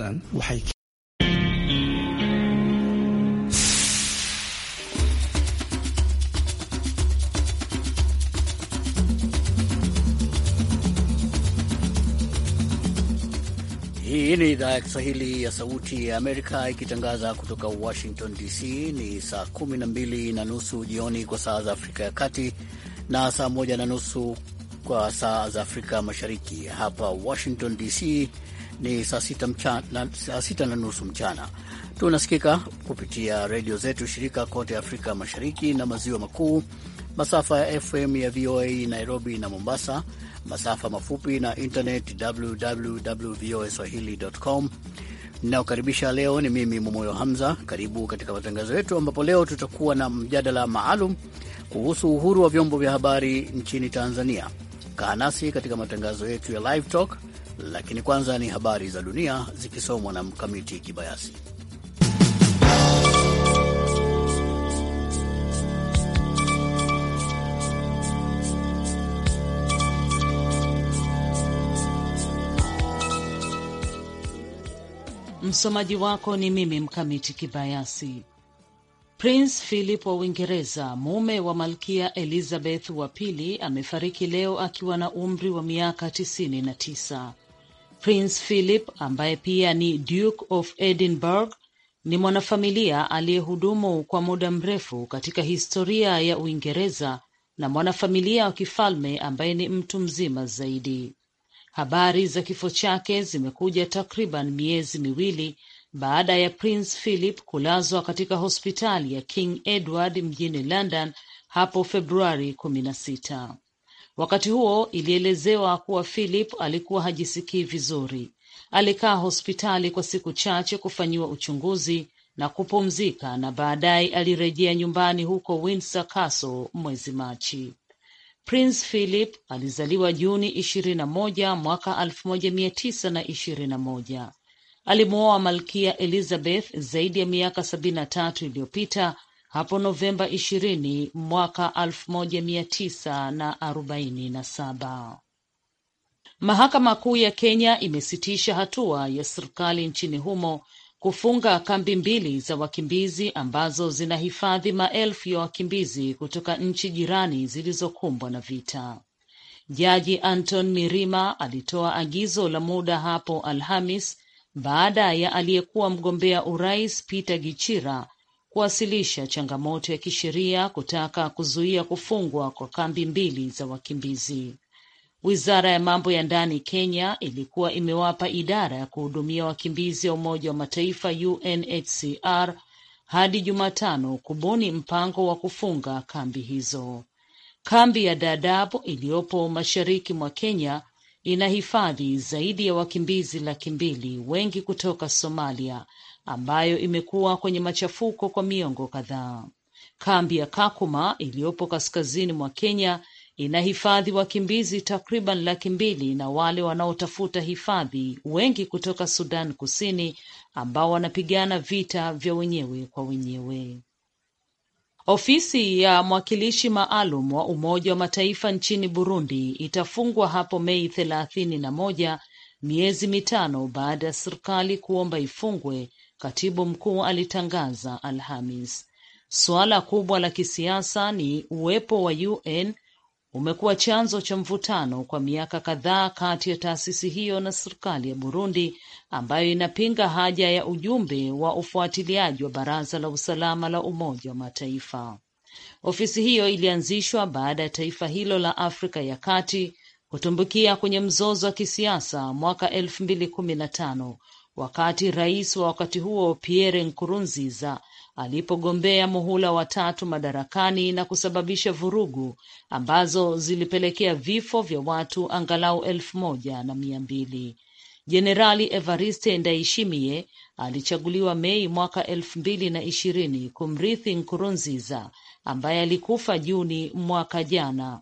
Hii ni idhaa ya Kiswahili ya Sauti ya Amerika ikitangaza kutoka Washington DC. Ni saa kumi na mbili na nusu jioni kwa saa za Afrika ya Kati na saa moja na nusu kwa saa za Afrika Mashariki. Hapa Washington DC ni saa sita, mchana, saa sita na nusu mchana. Tunasikika kupitia redio zetu shirika kote Afrika Mashariki na Maziwa Makuu, masafa ya FM ya VOA Nairobi na Mombasa, masafa mafupi na internet www voa swahili.com. ninaokaribisha leo ni mimi Momoyo Hamza. Karibu katika matangazo yetu, ambapo leo tutakuwa na mjadala maalum kuhusu uhuru wa vyombo vya habari nchini Tanzania. Kaa nasi katika matangazo yetu ya Live Talk lakini kwanza ni habari za dunia zikisomwa na Mkamiti Kibayasi. Msomaji wako ni mimi Mkamiti Kibayasi. Prince Philip wa Uingereza, mume wa Malkia Elizabeth wa pili, amefariki leo akiwa na umri wa miaka tisini na tisa. Prince Philip ambaye pia ni Duke of Edinburgh ni mwanafamilia aliyehudumu kwa muda mrefu katika historia ya Uingereza na mwanafamilia wa kifalme ambaye ni mtu mzima zaidi. Habari za kifo chake zimekuja takriban miezi miwili baada ya Prince Philip kulazwa katika hospitali ya King Edward mjini London hapo Februari kumi na sita. Wakati huo ilielezewa kuwa Philip alikuwa hajisikii vizuri. Alikaa hospitali kwa siku chache kufanyiwa uchunguzi na kupumzika na baadaye alirejea nyumbani huko Windsor Castle mwezi Machi. Prince Philip alizaliwa Juni ishirini na moja mwaka alfu moja mia tisa na ishirini na moja. Alimwoa Malkia Elizabeth zaidi ya miaka sabini na tatu iliyopita hapo Novemba 20 mwaka 1947. Mahakama Kuu ya Kenya imesitisha hatua ya serikali nchini humo kufunga kambi mbili za wakimbizi ambazo zinahifadhi maelfu ya wakimbizi kutoka nchi jirani zilizokumbwa na vita. Jaji Anton Mirima alitoa agizo la muda hapo Alhamis baada ya aliyekuwa mgombea urais Peter Gichira kuwasilisha changamoto ya kisheria kutaka kuzuia kufungwa kwa kambi mbili za wakimbizi. Wizara ya mambo ya ndani Kenya ilikuwa imewapa idara ya kuhudumia wakimbizi ya Umoja wa Mataifa UNHCR hadi Jumatano kubuni mpango wa kufunga kambi hizo. Kambi ya Dadaab iliyopo mashariki mwa Kenya ina hifadhi zaidi ya wakimbizi laki mbili, wengi kutoka Somalia, ambayo imekuwa kwenye machafuko kwa miongo kadhaa. Kambi ya Kakuma iliyopo kaskazini mwa Kenya inahifadhi wakimbizi takriban laki mbili na wale wanaotafuta hifadhi, wengi kutoka Sudan Kusini, ambao wanapigana vita vya wenyewe kwa wenyewe. Ofisi ya mwakilishi maalum wa Umoja wa Mataifa nchini Burundi itafungwa hapo Mei thelathini na moja Miezi mitano baada ya serikali kuomba ifungwe, katibu mkuu alitangaza Alhamis, suala kubwa la kisiasa ni uwepo wa UN umekuwa chanzo cha mvutano kwa miaka kadhaa kati ya taasisi hiyo na serikali ya Burundi ambayo inapinga haja ya ujumbe wa ufuatiliaji wa Baraza la Usalama la Umoja wa Mataifa. Ofisi hiyo ilianzishwa baada ya taifa hilo la Afrika ya Kati kutumbukia kwenye mzozo wa kisiasa mwaka elfu mbili kumi na tano wakati rais wa wakati huo Pierre Nkurunziza alipogombea muhula wa tatu madarakani na kusababisha vurugu ambazo zilipelekea vifo vya watu angalau elfu moja na mia mbili. Jenerali Evariste Ndayishimiye alichaguliwa Mei mwaka elfu mbili na ishirini kumrithi Nkurunziza ambaye alikufa Juni mwaka jana.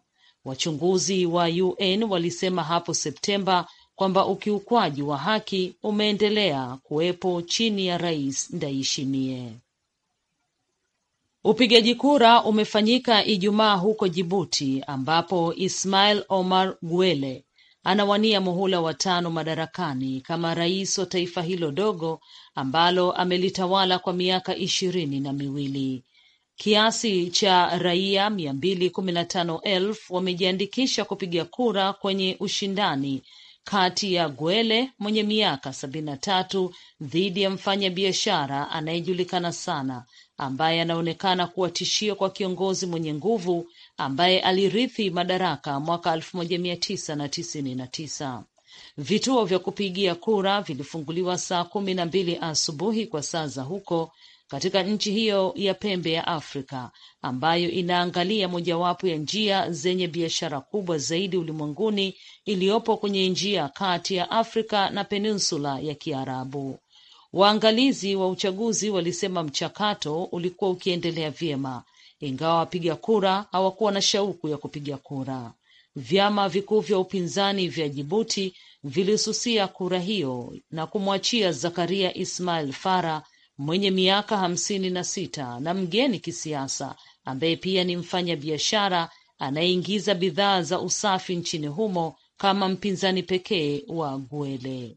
Wachunguzi wa UN walisema hapo Septemba kwamba ukiukwaji wa haki umeendelea kuwepo chini ya Rais Ndayishimiye. Upigaji kura umefanyika Ijumaa huko Jibuti ambapo Ismail Omar Guelle anawania muhula wa tano madarakani kama rais wa taifa hilo dogo ambalo amelitawala kwa miaka ishirini na miwili. Kiasi cha raia mia mbili kumi na tano elfu wamejiandikisha kupiga kura kwenye ushindani kati ya Gwele mwenye miaka sabini na tatu dhidi ya mfanyabiashara anayejulikana sana ambaye anaonekana kuwa tishio kwa kiongozi mwenye nguvu ambaye alirithi madaraka mwaka 1999. Vituo vya kupigia kura vilifunguliwa saa kumi na mbili asubuhi kwa saa za huko katika nchi hiyo ya pembe ya Afrika ambayo inaangalia mojawapo ya njia zenye biashara kubwa zaidi ulimwenguni iliyopo kwenye njia kati ya Afrika na peninsula ya Kiarabu. Waangalizi wa uchaguzi walisema mchakato ulikuwa ukiendelea vyema, ingawa wapiga kura hawakuwa na shauku ya kupiga kura. Vyama vikuu vya upinzani vya Jibuti vilisusia kura hiyo na kumwachia Zakaria Ismail Fara mwenye miaka hamsini na sita na mgeni kisiasa ambaye pia ni mfanya biashara anayeingiza bidhaa za usafi nchini humo kama mpinzani pekee wa Guele.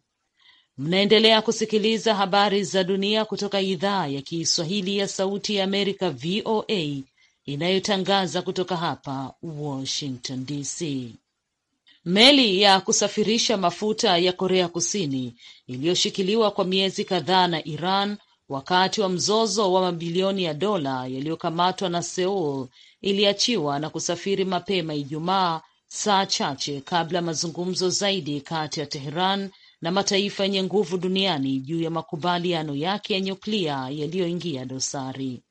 Mnaendelea kusikiliza habari za dunia kutoka idhaa ya Kiswahili ya Sauti ya Amerika, VOA, inayotangaza kutoka hapa Washington DC. Meli ya kusafirisha mafuta ya Korea Kusini iliyoshikiliwa kwa miezi kadhaa na Iran wakati wa mzozo wa mabilioni ya dola yaliyokamatwa na seul iliachiwa na kusafiri mapema Ijumaa, saa chache kabla ya mazungumzo zaidi kati ya Teheran na mataifa yenye nguvu duniani juu ya makubaliano yake ya nyuklia yaliyoingia dosari.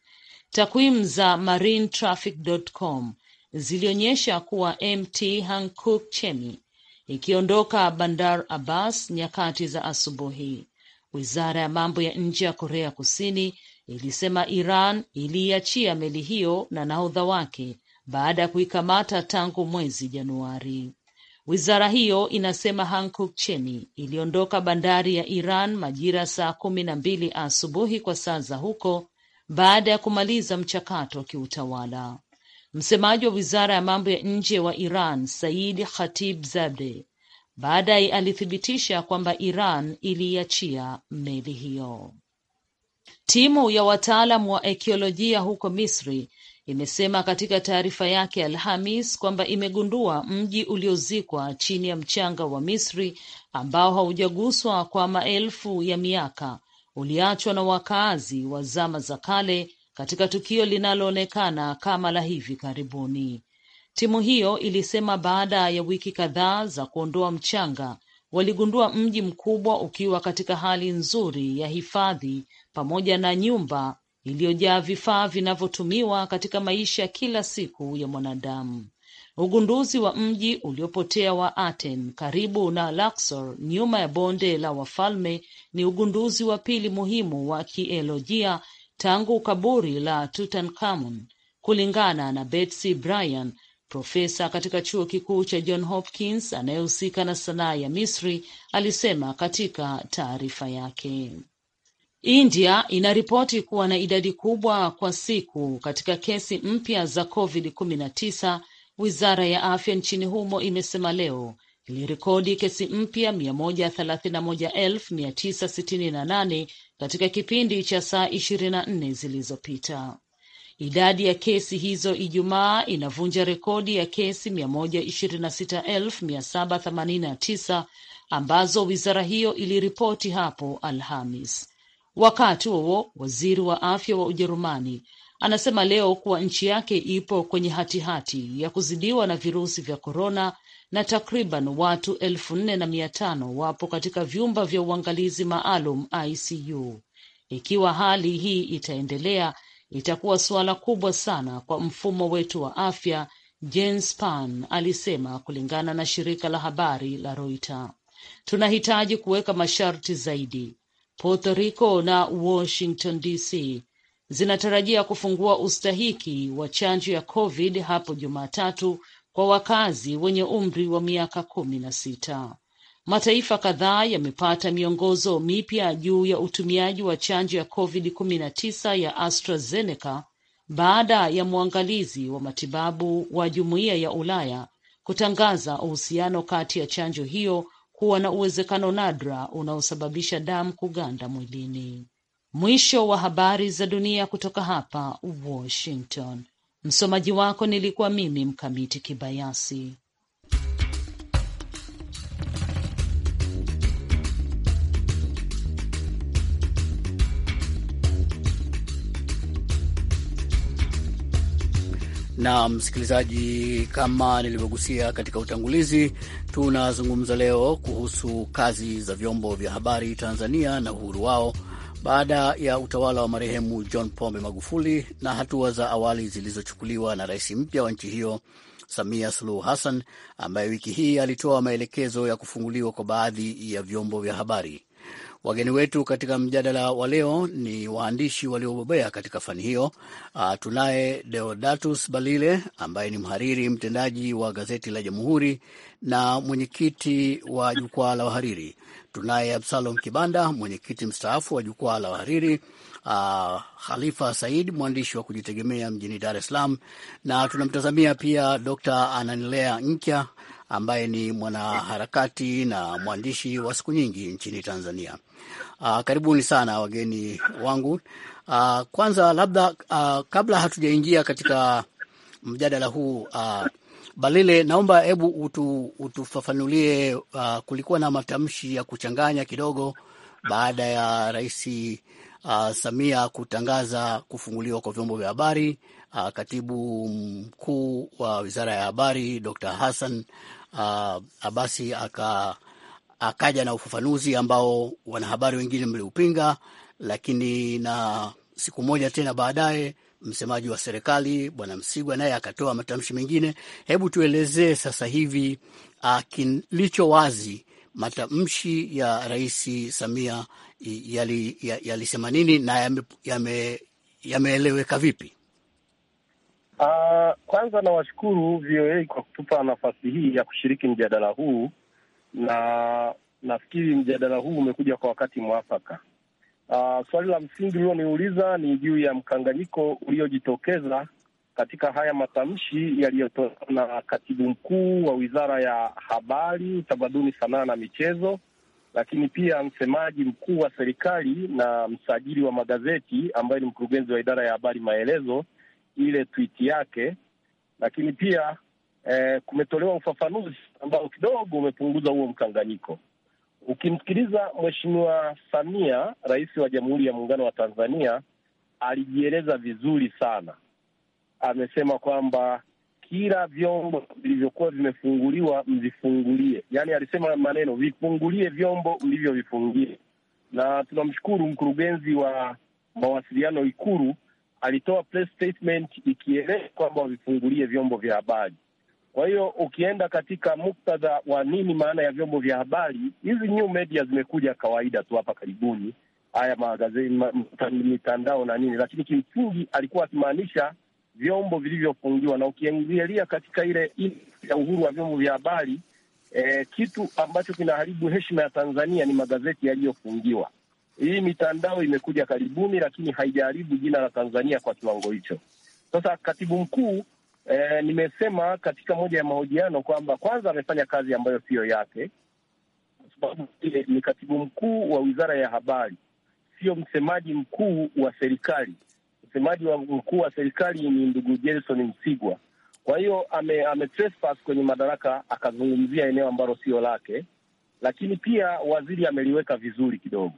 Takwimu za MarineTraffic.com zilionyesha kuwa MT Hankuk Chemi ikiondoka Bandar Abbas nyakati za asubuhi Wizara ya mambo ya nje ya Korea Kusini ilisema Iran iliiachia meli hiyo na nahodha wake baada ya kuikamata tangu mwezi Januari. Wizara hiyo inasema Hankuk Cheni iliondoka bandari ya Iran majira saa kumi na mbili asubuhi kwa saa za huko baada ya kumaliza mchakato wa kiutawala. Msemaji wa wizara ya mambo ya nje wa Iran Said Khatib Zade Baadaye alithibitisha kwamba Iran iliiachia meli hiyo. Timu ya wataalam wa ekiolojia huko Misri imesema katika taarifa yake Alhamis kwamba imegundua mji uliozikwa chini ya mchanga wa Misri ambao haujaguswa kwa maelfu ya miaka, uliachwa na wakaazi wa zama za kale katika tukio linaloonekana kama la hivi karibuni. Timu hiyo ilisema baada ya wiki kadhaa za kuondoa mchanga, waligundua mji mkubwa ukiwa katika hali nzuri ya hifadhi pamoja na nyumba iliyojaa vifaa vinavyotumiwa katika maisha kila siku ya mwanadamu. Ugunduzi wa mji uliopotea wa Aten karibu na Luxor nyuma ya bonde la Wafalme ni ugunduzi wa pili muhimu wa kielojia tangu kaburi la Tutankhamun, kulingana na Betsy Bryan, Profesa katika chuo kikuu cha John Hopkins anayehusika na sanaa ya Misri alisema katika taarifa yake. India inaripoti kuwa na idadi kubwa kwa siku katika kesi mpya za COVID-19. Wizara ya afya nchini humo imesema leo ilirekodi kesi mpya 131,968 katika kipindi cha saa 24 zilizopita. Idadi ya kesi hizo Ijumaa inavunja rekodi ya kesi 126,789 ambazo wizara hiyo iliripoti hapo Alhamis. Wakati huo waziri wa afya wa Ujerumani anasema leo kuwa nchi yake ipo kwenye hatihati hati ya kuzidiwa na virusi vya korona na takriban watu elfu nne na mia tano wapo katika vyumba vya uangalizi maalum ICU. Ikiwa hali hii itaendelea, itakuwa suala kubwa sana kwa mfumo wetu wa afya, Jens Spahn alisema kulingana na shirika la habari la Reuters. Tunahitaji kuweka masharti zaidi. Puerto Rico na Washington DC zinatarajia kufungua ustahiki wa chanjo ya COVID hapo Jumatatu kwa wakazi wenye umri wa miaka kumi na sita. Mataifa kadhaa yamepata miongozo mipya juu ya utumiaji wa chanjo ya COVID-19 ya AstraZeneca baada ya mwangalizi wa matibabu wa Jumuiya ya Ulaya kutangaza uhusiano kati ya chanjo hiyo kuwa na uwezekano nadra unaosababisha damu kuganda mwilini. Mwisho wa habari za dunia kutoka hapa Washington. Msomaji wako nilikuwa mimi Mkamiti Kibayasi. na msikilizaji, kama nilivyogusia katika utangulizi, tunazungumza leo kuhusu kazi za vyombo vya habari Tanzania na uhuru wao baada ya utawala wa marehemu John Pombe Magufuli na hatua za awali zilizochukuliwa na rais mpya wa nchi hiyo Samia Suluhu Hassan ambaye wiki hii alitoa maelekezo ya kufunguliwa kwa baadhi ya vyombo vya habari. Wageni wetu katika mjadala wa leo ni waandishi waliobobea katika fani hiyo. Uh, tunaye Deodatus Balile ambaye ni mhariri mtendaji wa gazeti la Jamhuri na mwenyekiti wa jukwaa la wahariri. Tunaye Absalom Kibanda, mwenyekiti mstaafu wa jukwaa la wahariri Uh, Khalifa Said mwandishi wa kujitegemea mjini Dar es Salaam, na tunamtazamia pia Dr. Ananilea Nkya ambaye ni mwanaharakati na mwandishi wa siku nyingi nchini Tanzania. Uh, karibuni sana wageni wangu. Uh, kwanza labda uh, kabla hatujaingia katika mjadala huu uh, Balile, naomba hebu utu, utufafanulie uh, kulikuwa na matamshi ya kuchanganya kidogo baada ya Rais uh, Samia kutangaza kufunguliwa kwa vyombo vya habari. Uh, katibu mkuu wa Wizara ya Habari Dr. Hassan uh, basi aka akaja na ufafanuzi ambao wanahabari wengine mliupinga, lakini na siku moja tena baadaye msemaji wa serikali bwana Msigwa naye akatoa matamshi mengine. Hebu tuelezee sasa hivi uh, kilicho wazi, matamshi ya Rais Samia yalisema yali nini na yameeleweka yame vipi? Uh, kwanza nawashukuru VOA kwa kutupa nafasi hii ya kushiriki mjadala huu, na nafikiri mjadala huu umekuja kwa wakati mwafaka. Uh, swali la msingi ulioniuliza ni juu ya mkanganyiko uliojitokeza katika haya matamshi yaliyotolewa na katibu mkuu wa Wizara ya Habari, Utamaduni, Sanaa na Michezo, lakini pia msemaji mkuu wa serikali na msajili wa magazeti ambaye ni mkurugenzi wa Idara ya Habari Maelezo ile tweet yake, lakini pia eh, kumetolewa ufafanuzi ambao kidogo umepunguza huo mkanganyiko. Ukimsikiliza Mheshimiwa Samia, rais wa Jamhuri ya Muungano wa Tanzania, alijieleza vizuri sana. Amesema kwamba kila vyombo vilivyokuwa vimefunguliwa mvifungulie, yaani alisema maneno vifungulie vyombo mlivyovifungia, na tunamshukuru mkurugenzi wa mawasiliano Ikulu alitoa press statement ikieleza kwamba wavifungulie vyombo vya habari. Kwa hiyo ukienda katika muktadha wa nini maana ya vyombo vya habari, hizi new media zimekuja kawaida tu hapa karibuni, haya magazeti, mitandao na nini, lakini kimsingi alikuwa akimaanisha vyombo vilivyofungiwa. Na ukiangalia katika ile ya uhuru wa vyombo vya habari, eh, kitu ambacho kinaharibu heshima ya Tanzania ni magazeti yaliyofungiwa. Hii mitandao imekuja karibuni, lakini haijaharibu jina la Tanzania kwa kiwango hicho. Sasa katibu mkuu eh, nimesema katika moja ya mahojiano kwamba kwanza amefanya kazi ambayo siyo yake, kwa sababu ile ni katibu mkuu wa wizara ya habari, sio msemaji mkuu wa serikali. Msemaji wa mkuu wa serikali ni ndugu Jelson Msigwa. Kwa hiyo ame, ame trespass kwenye madaraka, akazungumzia eneo ambalo sio lake, lakini pia waziri ameliweka vizuri kidogo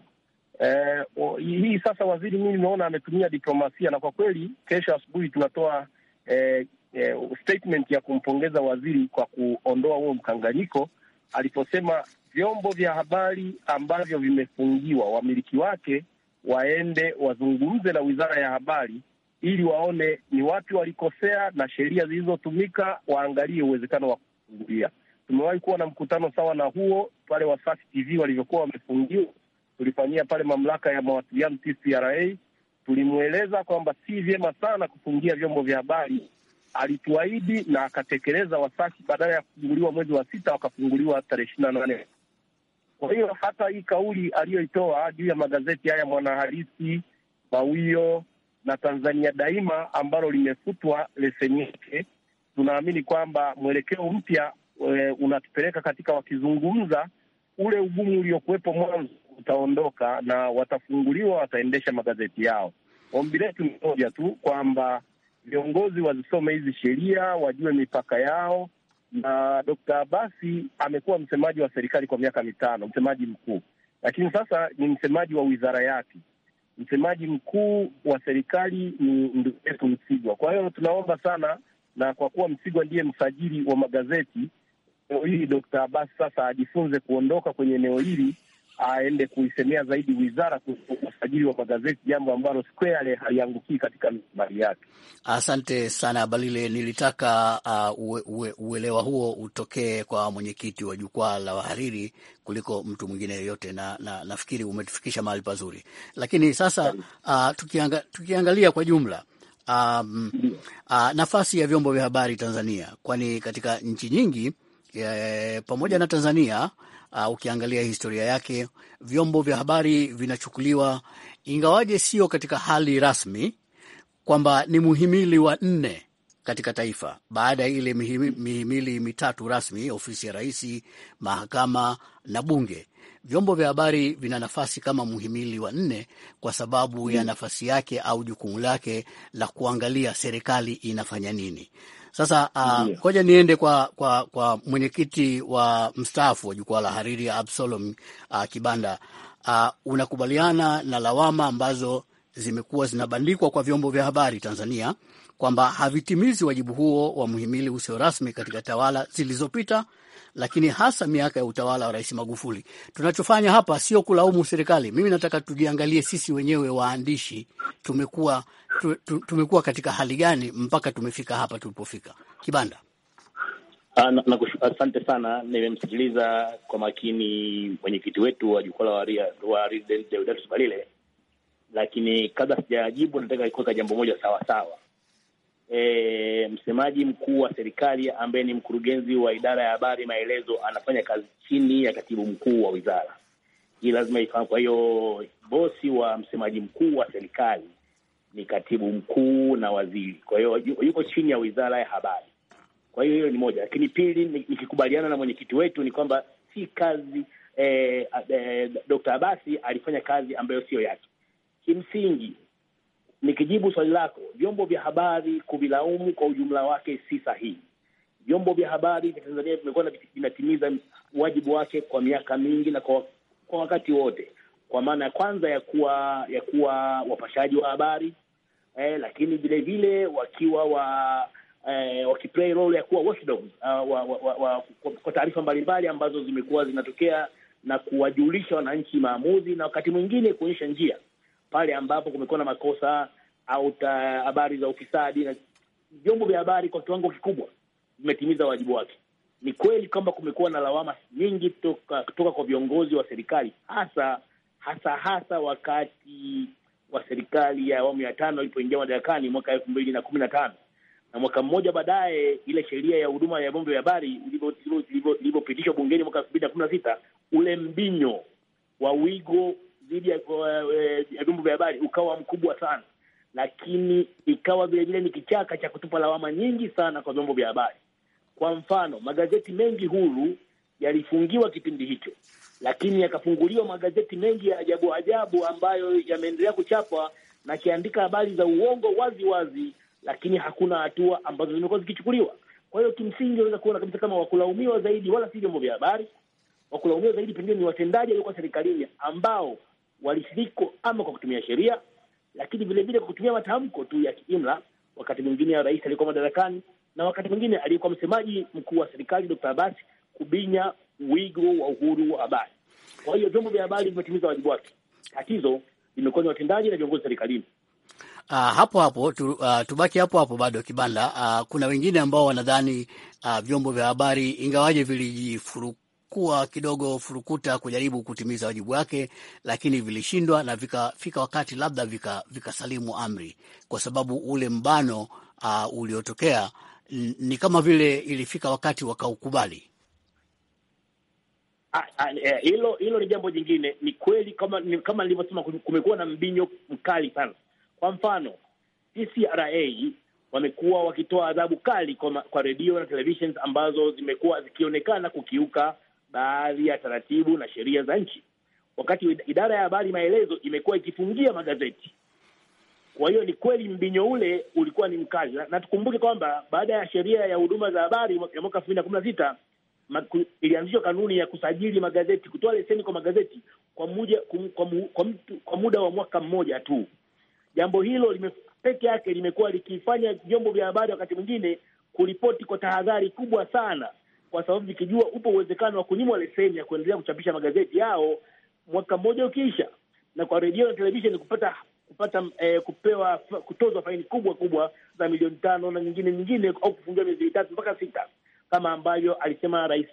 Eh, hii sasa waziri mimi nimeona ametumia diplomasia, na kwa kweli kesho asubuhi tunatoa eh, eh, statement ya kumpongeza waziri kwa kuondoa huo mkanganyiko aliposema vyombo vya habari ambavyo vimefungiwa wamiliki wake waende wazungumze na wizara ya habari ili waone ni wapi walikosea na sheria zilizotumika waangalie uwezekano wa kufungulia. Tumewahi kuwa na mkutano sawa na huo pale Wasafi TV walivyokuwa wamefungiwa tulifanyia pale mamlaka ya mawasiliano TCRA, tulimweleza kwamba si vyema sana kufungia vyombo vya habari. Alituahidi na akatekeleza, wasasi badala ya kufunguliwa mwezi wa sita wakafunguliwa tarehe ishirini na nane. Kwa hiyo hata hii kauli aliyoitoa juu ya magazeti haya Mwanahalisi, Mawio na Tanzania Daima ambalo limefutwa leseni yake, tunaamini kwamba mwelekeo mpya eh, unatupeleka katika wakizungumza ule ugumu uliokuwepo mwanzo utaondoka na watafunguliwa, wataendesha magazeti yao. Ombi letu ni moja tu kwamba viongozi wazisome hizi sheria, wajue mipaka yao. Na Dr. Abasi amekuwa msemaji wa serikali kwa miaka mitano, msemaji mkuu, lakini sasa ni msemaji wa wizara yake. Msemaji mkuu wa serikali ni ndugu yetu Msigwa. Kwa hiyo tunaomba sana, na kwa kuwa Msigwa ndiye msajili wa magazeti, eneo hili d Abasi sasa ajifunze kuondoka kwenye eneo hili aende kuisemea zaidi wizara kuhusu usajili wa magazeti, jambo ambalo squarely haliangukii katika mali yake. Asante sana Balile, nilitaka uh, uelewa huo utokee kwa mwenyekiti wa jukwaa la wahariri kuliko mtu mwingine yoyote, na, na nafikiri umetufikisha mahali pazuri, lakini sasa uh, tukianga, tukiangalia kwa jumla um, uh, nafasi ya vyombo vya habari Tanzania, kwani katika nchi nyingi e, pamoja na Tanzania Uh, ukiangalia historia yake, vyombo vya habari vinachukuliwa, ingawaje sio katika hali rasmi, kwamba ni muhimili wa nne katika taifa baada ya ile mihimili mitatu rasmi, ofisi ya rais, mahakama na bunge. Vyombo vya habari vina nafasi kama muhimili wa nne kwa sababu mm, ya hmm. nafasi yake au jukumu lake la kuangalia serikali inafanya nini. Sasa uh, ah, koja niende kwa kwa, kwa mwenyekiti wa mstaafu wa jukwaa la hariri Absalom uh, Kibanda. Uh, unakubaliana na lawama ambazo zimekuwa zinabandikwa kwa vyombo vya habari Tanzania kwamba havitimizi wajibu huo wa muhimili usio rasmi katika tawala zilizopita lakini hasa miaka ya utawala wa Rais Magufuli. Tunachofanya hapa sio kulaumu serikali. Mimi nataka tujiangalie sisi wenyewe waandishi tumekuwa tu, tumekuwa katika hali gani mpaka tumefika hapa tulipofika. Kibanda. Ah, asante sana. Nimemsikiliza kwa makini mwenyekiti wetu wa jukwaa la wahariri Deodatus Balile, lakini kabla sijajibu, nataka kuweka jambo moja sawasawa sawa e, msemaji mkuu wa serikali ambaye ni mkurugenzi wa idara ya habari maelezo anafanya kazi chini ya katibu mkuu wa wizara hii, lazima ifahamu. Kwa hiyo bosi wa msemaji mkuu wa serikali ni katibu mkuu na waziri, kwa hiyo yuko chini ya wizara ya habari. Kwa hiyo hiyo ni moja, lakini pili, nikikubaliana na mwenyekiti wetu ni kwamba si kazi eh, eh, Dkt. Abasi alifanya kazi ambayo siyo yake kimsingi Nikijibu swali lako, vyombo vya habari kuvilaumu kwa ujumla wake si sahihi. Vyombo vya habari vya Tanzania vimekuwa vinatimiza wajibu wake kwa miaka mingi na kwa, kwa wakati wote, kwa maana ya kwanza ya kuwa ya kuwa wapashaji wa habari eh, lakini vile vile wakiwa wa eh, wakiplay role ya kuwa watchdogs uh, ah, wa, wa, wa, wa, kwa taarifa mbalimbali ambazo zimekuwa zinatokea na kuwajulisha wananchi maamuzi na wakati mwingine kuonyesha njia pale ambapo kumekuwa na makosa au habari za ufisadi, na vyombo vya habari kwa kiwango kikubwa vimetimiza wajibu wake. Ni kweli kwamba kumekuwa na lawama nyingi toka, kutoka kwa viongozi wa serikali hasa hasa hasa wakati wa serikali ya awamu ya tano ilipoingia madarakani mwaka elfu mbili na kumi na tano na mwaka mmoja baadaye ile sheria ya huduma ya vyombo vya habari ilivyopitishwa bungeni mwaka elfu mbili na kumi na sita ule mbinyo wa wigo dhidi eh, ya vyombo vya habari ukawa mkubwa sana, lakini ikawa vilevile ni kichaka cha kutupa lawama nyingi sana kwa vyombo vya habari. Kwa mfano, magazeti mengi huru yalifungiwa kipindi hicho, lakini yakafunguliwa magazeti mengi ya ajabu ajabu ambayo yameendelea kuchapwa na kiandika habari za uongo wazi wazi, lakini hakuna hatua ambazo zimekuwa zikichukuliwa. Kwa hiyo kimsingi, unaweza kuona kabisa kama wakulaumiwa zaidi wala si vyombo vya habari, wakulaumiwa zaidi pengine ni watendaji waliokuwa serikalini ambao walisidiko ama kwa kutumia sheria, lakini vilevile kwa kutumia matamko tu ya kiimla. Wakati mwingine rais alikuwa madarakani na wakati mwingine aliyekuwa msemaji mkuu wa serikali Dr. Abbas kubinya wigo wa uhuru wa habari. Kwa hiyo vyombo vya habari vimetimiza wajibu wake. Tatizo limekuwa ni watendaji na viongozi serikalini. Uh, hapo hapo tu, uh, tubaki hapo hapo bado kibanda. Uh, kuna wengine ambao wanadhani uh, vyombo vya habari ingawaje vilijifuru, kuwa kidogo furukuta kujaribu kutimiza wajibu wake, lakini vilishindwa na vikafika wakati labda vikasalimu vika amri, kwa sababu ule mbano uh, uliotokea ni kama vile ilifika wakati wakaukubali. Ah, ah, eh, hilo hilo ni jambo jingine. Ni kweli kama ni, kama nilivyosema, kumekuwa na mbinyo mkali sana. Kwa mfano CCRA wamekuwa wakitoa adhabu kali kwa, kwa redio na televisions ambazo zimekuwa zikionekana kukiuka baadhi ya taratibu na sheria za nchi, wakati idara ya habari maelezo imekuwa ikifungia magazeti. Kwa hiyo ni kweli mbinyo ule ulikuwa ni mkali, na tukumbuke kwamba baada ya sheria ya huduma za habari ya mwaka elfu mbili na kumi na sita ilianzishwa kanuni ya kusajili magazeti, kutoa leseni kwa magazeti kwa muda, kwa, kwa, kwa muda wa mwaka mmoja tu. Jambo hilo lime, peke yake limekuwa likifanya vyombo vya habari wakati mwingine kuripoti kwa tahadhari kubwa sana kwa sababu vikijua upo uwezekano wa kunyimwa leseni ya kuendelea kuchapisha magazeti yao mwaka mmoja ukiisha, na kwa redio na televisheni kupata kupata eh, kupewa kutozwa faini kubwa kubwa za milioni tano na nyingine nyingine au kufungiwa miezi mitatu mpaka sita kama ambavyo alisema Rais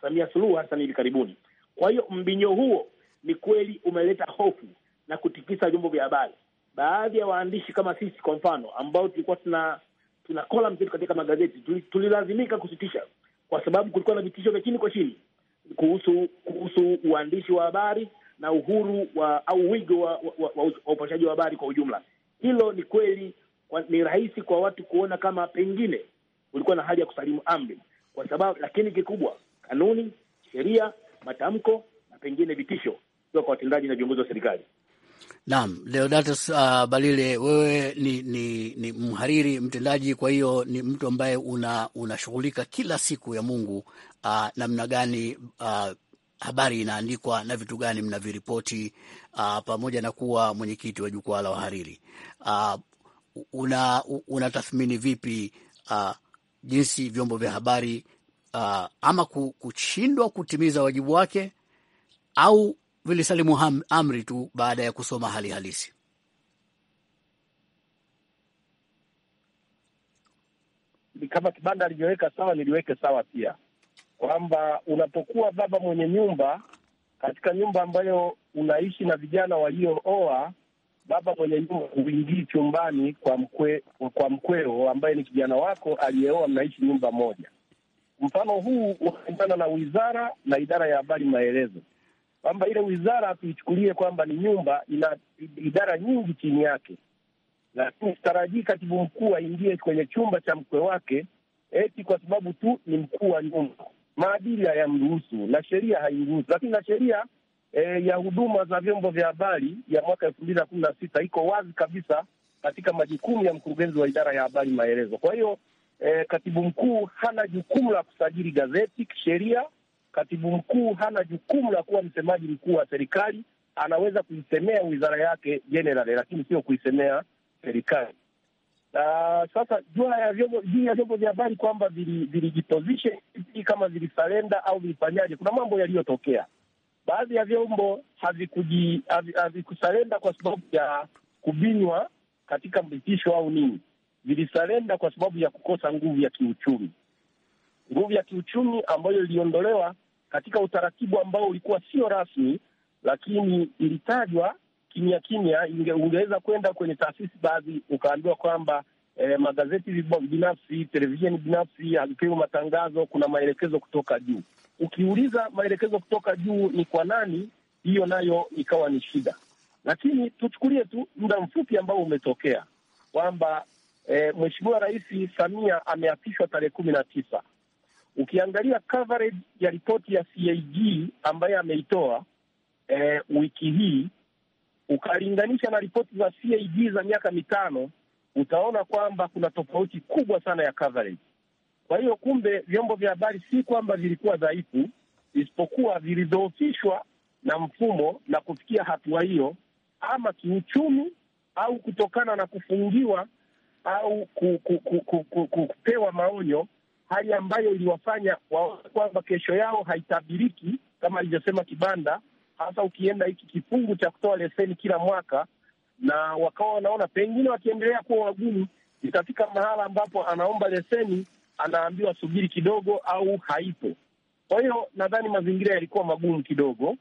Samia Suluhu Hassan hivi karibuni. Kwa hiyo mbinyo huo ni kweli umeleta hofu na kutikisa vyombo vya habari. Baadhi ya waandishi kama sisi kwa mfano, ambao tulikuwa tuna tuna column zetu katika magazeti, tulilazimika kusitisha kwa sababu kulikuwa na vitisho vya chini kwa chini kuhusu kuhusu uandishi wa habari na uhuru wa au wigo wa, wa, wa, wa upashaji wa habari kwa ujumla. Hilo ni kweli, ni rahisi kwa watu kuona kama pengine kulikuwa na hali ya kusalimu amri, kwa sababu lakini kikubwa kanuni, sheria, matamko na pengine vitisho kwa watendaji na viongozi wa serikali. Naam, Deodatus uh, Balile, wewe ni, ni, ni mhariri mtendaji, kwa hiyo ni mtu ambaye unashughulika una kila siku ya Mungu uh, namna gani uh, habari inaandikwa na vitu gani mnaviripoti uh, pamoja na kuwa mwenyekiti wa jukwaa la wahariri uh, una, unatathmini vipi uh, jinsi vyombo vya habari uh, ama kushindwa kutimiza wajibu wake au vilisalimu amri tu baada ya kusoma hali halisi. Kama Kibanda alivyoweka sawa, niliweke sawa pia kwamba unapokuwa baba mwenye nyumba katika nyumba ambayo unaishi na vijana waliooa, baba mwenye nyumba huingii chumbani kwa mkwe, kwa mkweo ambaye ni kijana wako aliyeoa, mnaishi nyumba moja. Mfano huu unaendana na wizara na idara ya habari maelezo kwamba ile wizara tuichukulie kwamba ni nyumba, ina idara nyingi chini yake, lakini sitarajii katibu mkuu aingie kwenye chumba cha mkwe wake eti kwa sababu tu ni mkuu wa nyumba. Maadili hayamruhusu na sheria hairuhusu, lakini na sheria e, ya huduma za vyombo vya habari ya mwaka elfu mbili na kumi na sita iko wazi kabisa katika majukumu ya mkurugenzi wa idara ya habari maelezo. Kwa hiyo e, katibu mkuu hana jukumu la kusajili gazeti kisheria katibu mkuu hana jukumu la kuwa msemaji mkuu wa serikali. Anaweza kuisemea wizara yake jenerali, lakini sio kuisemea serikali. Uh, sasa juu ya vyombo juu ya vyombo vya habari kwamba vilijipozishe vili kama vilisalenda au vilifanyaje, kuna mambo yaliyotokea. Baadhi ya vyombo havikusalenda kwa sababu ya kubinywa katika mpitisho au nini, vilisalenda kwa sababu ya kukosa nguvu ya kiuchumi, nguvu ya kiuchumi ambayo iliondolewa katika utaratibu ambao ulikuwa sio rasmi, lakini ilitajwa kimya kimya. Ungeweza kwenda kwenye taasisi baadhi ukaambiwa kwamba eh, magazeti binafsi, televisheni binafsi hazipewi matangazo, kuna maelekezo kutoka juu. Ukiuliza maelekezo kutoka juu ni kwa nani, hiyo nayo ikawa ni shida. Lakini tuchukulie tu muda mfupi ambao umetokea kwamba eh, Mheshimiwa Rais Samia ameapishwa tarehe kumi na tisa Ukiangalia coverage ya ripoti ya CAG ambayo ameitoa eh, wiki hii ukalinganisha na ripoti za CAG za miaka mitano utaona kwamba kuna tofauti kubwa sana ya coverage. Kwa hiyo kumbe vyombo vya habari si kwamba vilikuwa dhaifu, isipokuwa vilidhoofishwa na mfumo na kufikia hatua hiyo, ama kiuchumi au kutokana na kufungiwa au kupewa maonyo hali ambayo iliwafanya waone kwamba kesho yao haitabiriki kama alivyosema Kibanda, hasa ukienda hiki kifungu cha kutoa leseni kila mwaka, na wakawa wanaona pengine wakiendelea kuwa wagumu itafika mahala ambapo anaomba leseni anaambiwa subiri kidogo au haipo. Kwa hiyo nadhani mazingira yalikuwa magumu kidogo,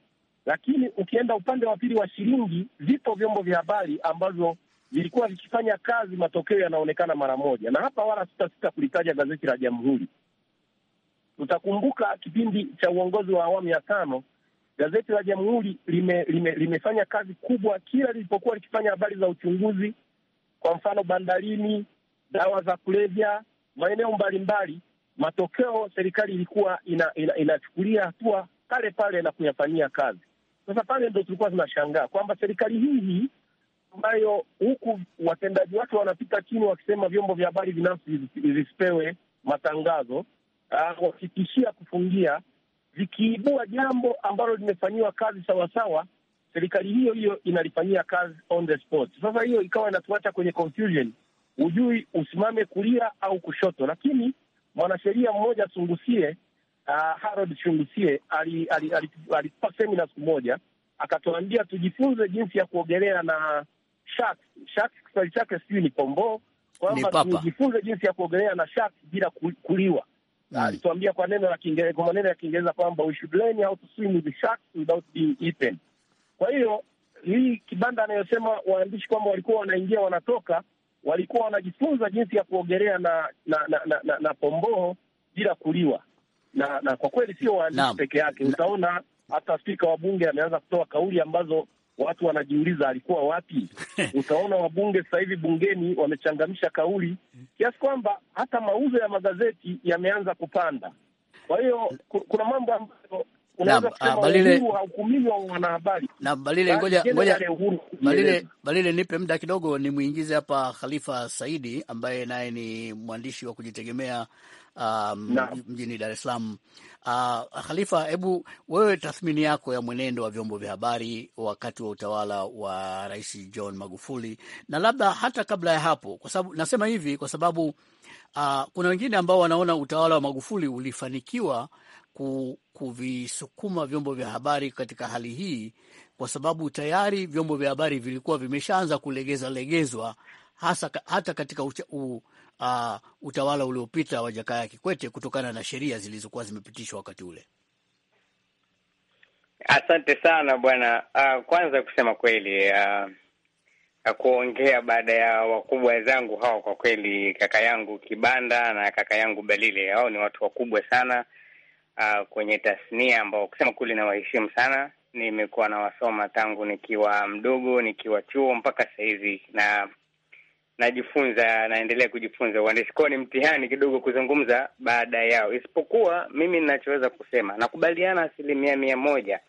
lakini ukienda upande wa pili wa shilingi, vipo vyombo vya habari ambavyo vilikuwa vikifanya kazi, matokeo yanaonekana mara moja, na hapa wala sitasita kulitaja gazeti la Jamhuri. Tutakumbuka kipindi cha uongozi wa awamu ya tano, gazeti la Jamhuri lime, lime, limefanya kazi kubwa kila lilipokuwa likifanya habari za uchunguzi, kwa mfano bandarini, dawa za kulevya, maeneo mbalimbali. Matokeo serikali ilikuwa inachukulia ina, ina hatua pale pale na kuyafanyia kazi. Sasa pale ndo tulikuwa tunashangaa kwamba serikali hii hii ambayo huku watendaji wake wanapita chini wakisema vyombo vya habari binafsi visipewe matangazo, ah, uh, wakitishia kufungia. Vikiibua jambo ambalo limefanyiwa kazi sawasawa, serikali hiyo hiyo inalifanyia kazi on the spot. Sasa hiyo ikawa inatuacha kwenye confusion, hujui usimame kulia au kushoto. Lakini mwanasheria mmoja Sungusie, uh, ah, Harold Sungusie alitupa semina siku moja akatuambia tujifunze jinsi ya kuogelea na sharks. Sharks kiswahili chake sijui ni pomboo, kwamba tujifunze jinsi ya kuogelea na sharks bila kuliwa. Mm. Alituambia kwa neno la Kiingereza, kwa maneno ya Kiingereza kwamba we should learn how to swim with sharks without being eaten. Kwa hiyo hii kibanda anayosema waandishi kwamba walikuwa wanaingia wanatoka, walikuwa wanajifunza jinsi ya kuogelea na na na, na, na, na pomboo bila kuliwa na, na kwa kweli sio waandishi peke yake. Utaona hata spika wa bunge ameanza kutoa kauli ambazo watu wanajiuliza alikuwa wapi? Utaona wabunge sasa hivi bungeni wamechangamisha kauli kiasi kwamba hata mauzo ya magazeti yameanza kupanda. Kwa hiyo kuna mambo ambayo Ah, Balile, nipe muda kidogo nimwingize hapa Khalifa Saidi ambaye naye ni mwandishi wa kujitegemea um, mjini Dar es Salaam. Uh, Khalifa, hebu wewe tathmini yako ya mwenendo wa vyombo vya habari wakati wa utawala wa Rais John Magufuli, na labda hata kabla ya hapo, kwa sababu nasema hivi kwa sababu uh, kuna wengine ambao wanaona utawala wa Magufuli ulifanikiwa kuvisukuma vyombo vya habari katika hali hii, kwa sababu tayari vyombo vya habari vilikuwa vimeshaanza kulegeza legezwa hasa hata katika ucha, u, uh, utawala uliopita wa Jakaya Kikwete kutokana na sheria zilizokuwa zimepitishwa wakati ule. Asante sana bwana. Uh, kwanza kusema kweli, uh, kuongea baada ya wakubwa zangu hao, kwa kweli kaka yangu Kibanda na kaka yangu Balile, hao ni watu wakubwa sana uh, kwenye tasnia ambao kusema kweli nawaheshimu sana. Nimekuwa nawasoma tangu nikiwa mdogo, nikiwa chuo mpaka sasa hivi, na najifunza, naendelea kujifunza uandishi. Kwao ni mtihani kidogo kuzungumza baada yao, isipokuwa mimi ninachoweza kusema, nakubaliana asilimia mia moja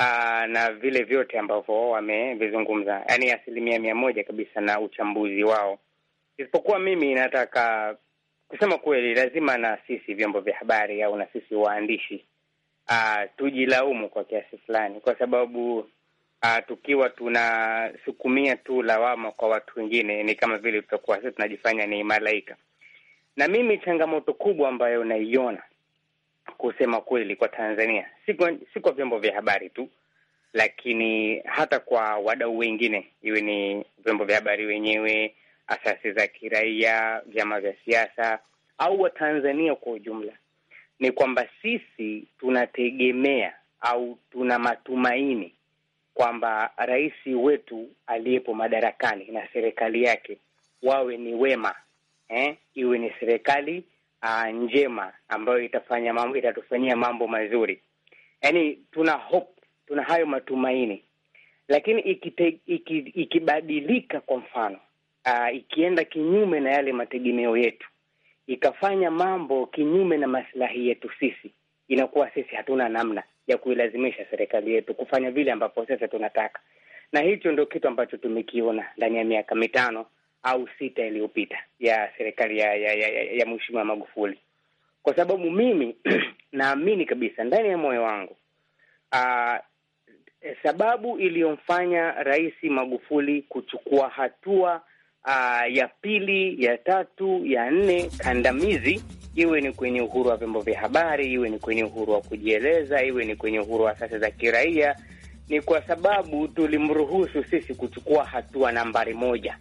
Aa, ah, na vile vyote ambavyo wamevizungumza, yaani asilimia mia moja kabisa na uchambuzi wao, isipokuwa mimi nataka Kusema kweli, lazima na sisi vyombo vya habari au na sisi waandishi uh, tujilaumu kwa kiasi fulani, kwa sababu uh, tukiwa tunasukumia tu lawama kwa watu wengine, ni kama vile tutakuwa sisi tunajifanya ni malaika. Na mimi changamoto kubwa ambayo naiona kusema kweli kwa Tanzania, si kwa, si kwa vyombo vya habari tu, lakini hata kwa wadau wengine, iwe ni vyombo vya habari wenyewe asasi za kiraia, vyama vya siasa au Watanzania kwa ujumla ni kwamba sisi tunategemea au tuna matumaini kwamba rais wetu aliyepo madarakani na serikali yake wawe ni wema eh, iwe ni serikali uh, njema ambayo itafanya mambo, itatufanyia mambo mazuri. Yaani tuna hope, tuna hayo matumaini, lakini iki, ikibadilika kwa mfano uh, ikienda kinyume na yale mategemeo yetu, ikafanya mambo kinyume na maslahi yetu sisi, inakuwa sisi hatuna namna ya kuilazimisha serikali yetu kufanya vile ambapo sasa tunataka, na hicho ndio kitu ambacho tumekiona ndani ya miaka mitano au sita iliyopita ya serikali ya ya, ya, ya Mheshimiwa Magufuli, kwa sababu mimi naamini kabisa ndani ya moyo wangu aa, uh, sababu iliyomfanya Rais Magufuli kuchukua hatua uh, ya pili, ya tatu, ya nne kandamizi iwe ni kwenye uhuru wa vyombo vya habari, iwe ni kwenye uhuru wa kujieleza, iwe ni kwenye uhuru wa asasi za kiraia. Ni kwa sababu tulimruhusu sisi kuchukua hatua nambari moja.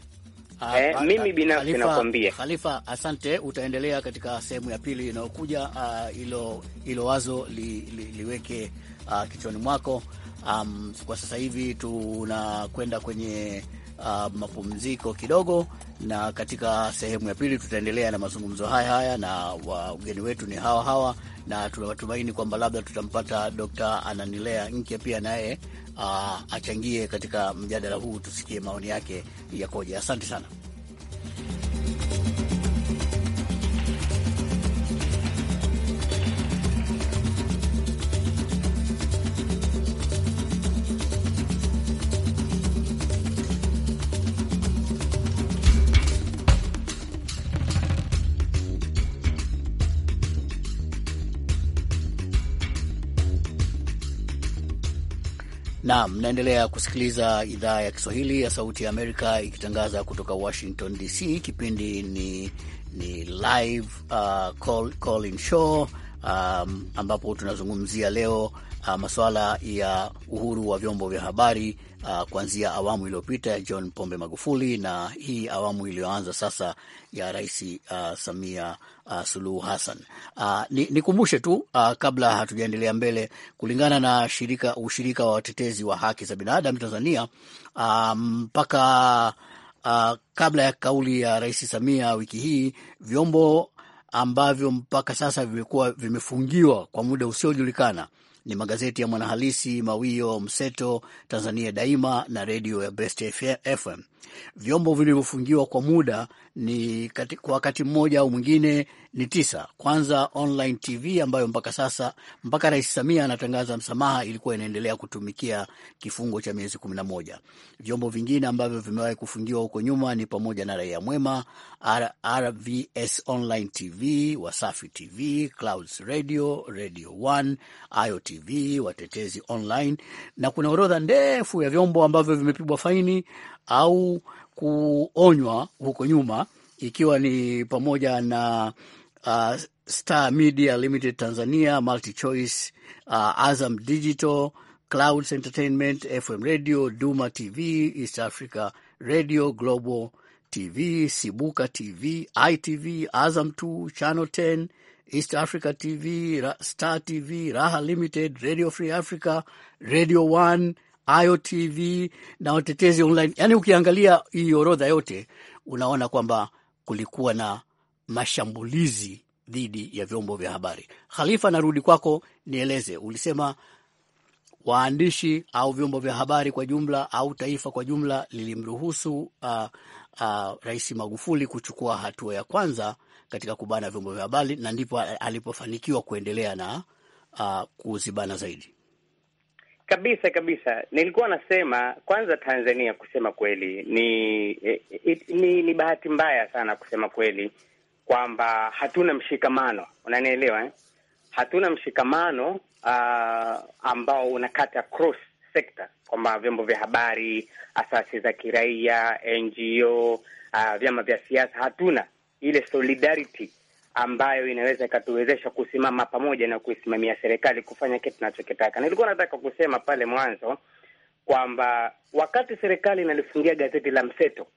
Ha, ah, eh, mimi binafsi nakwambia Khalifa, asante. Utaendelea katika sehemu ya pili inayokuja. Hilo ah, uh, wazo li, li, liweke uh, kichwani mwako. Um, kwa sasa hivi tunakwenda kwenye uh, mapumziko kidogo, na katika sehemu ya pili tutaendelea na mazungumzo haya haya na wageni wetu ni hawa hawa, na tunatumaini kwamba labda tutampata Dr. Ananilea Nkya pia naye uh, achangie katika mjadala huu, tusikie maoni yake yakoje. Asante sana. Naam, naendelea kusikiliza idhaa ya Kiswahili ya Sauti ya Amerika ikitangaza kutoka Washington DC. Kipindi ni, ni live uh, call, call in show um, ambapo tunazungumzia leo uh, ah, masuala ya uhuru wa vyombo vya habari uh, kuanzia awamu iliyopita ya John Pombe Magufuli na hii awamu iliyoanza sasa ya Rais uh, Samia uh, Suluhu Hassan. Uh, nikumbushe ni tu uh, kabla hatujaendelea mbele, kulingana na shirika ushirika wa watetezi wa haki za binadamu Tanzania mpaka um, Uh, kabla ya kauli ya Rais Samia wiki hii, vyombo ambavyo mpaka sasa vimekuwa vimefungiwa kwa muda usiojulikana ni magazeti ya Mwanahalisi, Mawio, Mseto, Tanzania Daima na redio ya Best FM. Vyombo vilivyofungiwa kwa muda ni kwa wakati mmoja au mwingine ni tisa. Kwanza Online TV ambayo mpaka sasa, mpaka Rais Samia anatangaza msamaha, ilikuwa inaendelea kutumikia kifungo cha miezi kumi na moja. Vyombo vingine ambavyo vimewahi kufungiwa huko nyuma ni pamoja na Raia Mwema, RVS Online TV, Wasafi TV, Clouds Radio, Radio One, IOTV, Watetezi Online, na kuna orodha ndefu ya vyombo ambavyo vimepigwa faini au kuonywa huko nyuma, ikiwa ni pamoja na uh, Star Media Limited Tanzania, Multi Choice, uh, Azam Digital, Clouds Entertainment, FM Radio, Duma TV, East Africa Radio, Global TV, Sibuka TV, ITV, Azam 2, Channel 10, East Africa TV, Star TV, Raha Limited, Radio Free Africa, Radio 1, IOTV na Watetezi Online. Yani, ukiangalia hii orodha yote unaona kwamba kulikuwa na mashambulizi dhidi ya vyombo vya habari. Khalifa, narudi kwako, nieleze, ulisema waandishi au vyombo vya habari kwa jumla au taifa kwa jumla lilimruhusu uh, uh, Rais Magufuli kuchukua hatua ya kwanza katika kubana vyombo vya habari na ndipo alipofanikiwa kuendelea na uh, kuzibana zaidi. Kabisa kabisa, nilikuwa nasema kwanza, Tanzania kusema kweli ni e, e, it, ni, ni bahati mbaya sana kusema kweli kwamba hatuna mshikamano, unanielewa eh? Hatuna mshikamano uh, ambao unakata cross sector kwamba vyombo vya habari, asasi za kiraia, NGO, uh, ah, vyama vya siasa, hatuna ile solidarity ambayo inaweza ikatuwezesha kusimama pamoja na kuisimamia serikali kufanya kitu tunachokitaka. Nilikuwa nataka kusema pale mwanzo kwamba wakati serikali inalifungia gazeti la Mseto,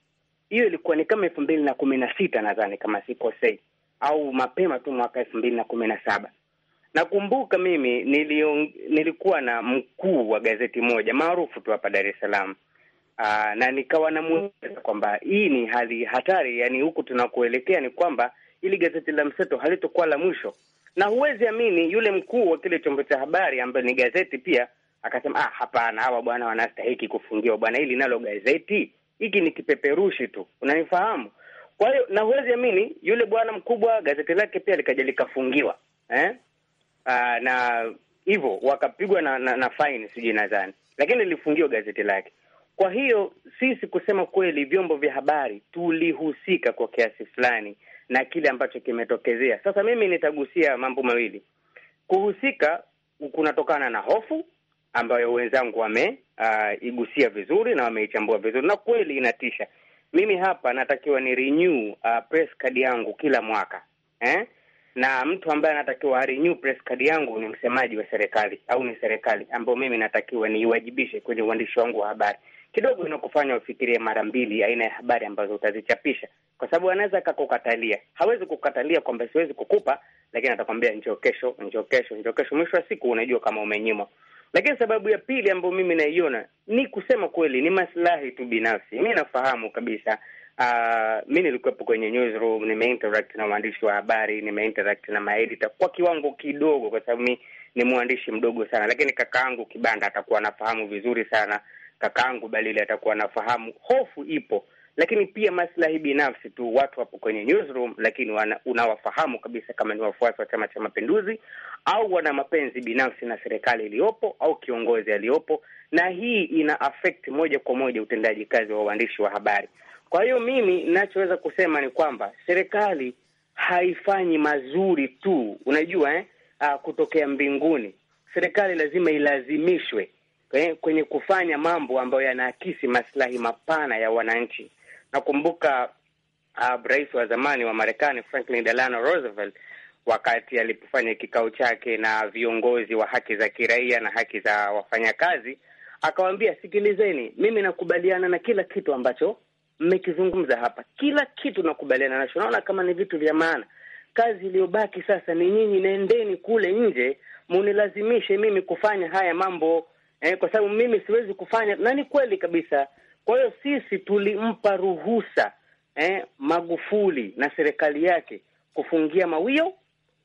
hiyo ilikuwa ni kama elfu mbili na kumi na sita nadhani kama sikosei, au mapema tu mwaka elfu mbili na kumi na saba. Nakumbuka mimi nilion, nilikuwa na mkuu wa gazeti moja maarufu tu hapa Dar es Salaam. Ah, na nikawa namweleza kwamba hii ni hali hatari, yani huku tunakuelekea ni kwamba ili gazeti la Mseto halitokuwa la mwisho, na huwezi amini yule mkuu wa kile chombo cha habari ambaye ni gazeti pia akasema, ah, hapana, hawa bwana wanastahiki kufungiwa bwana, hili nalo gazeti hiki ni kipeperushi tu, unanifahamu? Kwa hiyo na huwezi amini yule bwana mkubwa gazeti lake pia likaja likafungiwa eh? Aa, ah, na hivyo wakapigwa na, na, na fine sijui nadhani, lakini lilifungiwa gazeti lake. Kwa hiyo sisi, kusema kweli, vyombo vya habari tulihusika kwa kiasi fulani na kile ambacho kimetokezea. Sasa mimi nitagusia mambo mawili. Kuhusika kunatokana na hofu ambayo wenzangu wameigusia ah, uh, vizuri na wameichambua vizuri, na kweli inatisha. Mimi hapa natakiwa ni renew uh, press card yangu kila mwaka eh? na mtu ambaye anatakiwa renew press card yangu ni msemaji wa serikali au ni serikali, ambayo mimi natakiwa niiwajibishe kwenye uandishi wangu wa habari kidogo inakufanya ufikirie mara mbili aina ya habari ambazo utazichapisha, kwa sababu anaweza akakukatalia. Hawezi kukatalia kwamba siwezi kukupa, lakini atakwambia njoo kesho, njoo kesho, njoo kesho. Mwisho wa siku unajua kama umenyimwa. Lakini sababu ya pili ambayo mimi naiona ni kusema kweli, ni maslahi tu binafsi. Mi nafahamu kabisa. Uh, ah, mi nilikuwepo kwenye newsroom, nimeinteract na waandishi wa habari, nimeinteract na maedita kwa kiwango kidogo, kwa sababu mi ni mwandishi mdogo sana, lakini kakaangu Kibanda atakuwa anafahamu vizuri sana kakaangu Balile atakuwa anafahamu, hofu ipo, lakini pia maslahi binafsi tu. Watu wapo kwenye newsroom, lakini wana, unawafahamu kabisa kama ni wafuasi wa Chama cha Mapinduzi au wana mapenzi binafsi na serikali iliyopo au kiongozi aliyopo, na hii ina affect moja kwa moja utendaji kazi wa uandishi wa habari. Kwa hiyo mimi nachoweza kusema ni kwamba serikali haifanyi mazuri tu, unajua eh, ah, kutokea mbinguni. Serikali lazima ilazimishwe Eh, kwenye kufanya mambo ambayo yanaakisi maslahi mapana ya wananchi. Nakumbuka uh, rais wa zamani wa Marekani Franklin Delano Roosevelt wakati alipofanya kikao chake na viongozi wa haki za kiraia na haki za wafanyakazi, akawaambia, sikilizeni, mimi nakubaliana na kila kitu ambacho mmekizungumza hapa, kila kitu nakubaliana nacho, naona kama ni vitu vya maana. Kazi iliyobaki sasa ni nyinyi, nendeni kule nje munilazimishe mimi kufanya haya mambo eh, kwa sababu mimi siwezi kufanya, na ni kweli kabisa. Kwa hiyo sisi tulimpa ruhusa eh, Magufuli na serikali yake kufungia Mawio,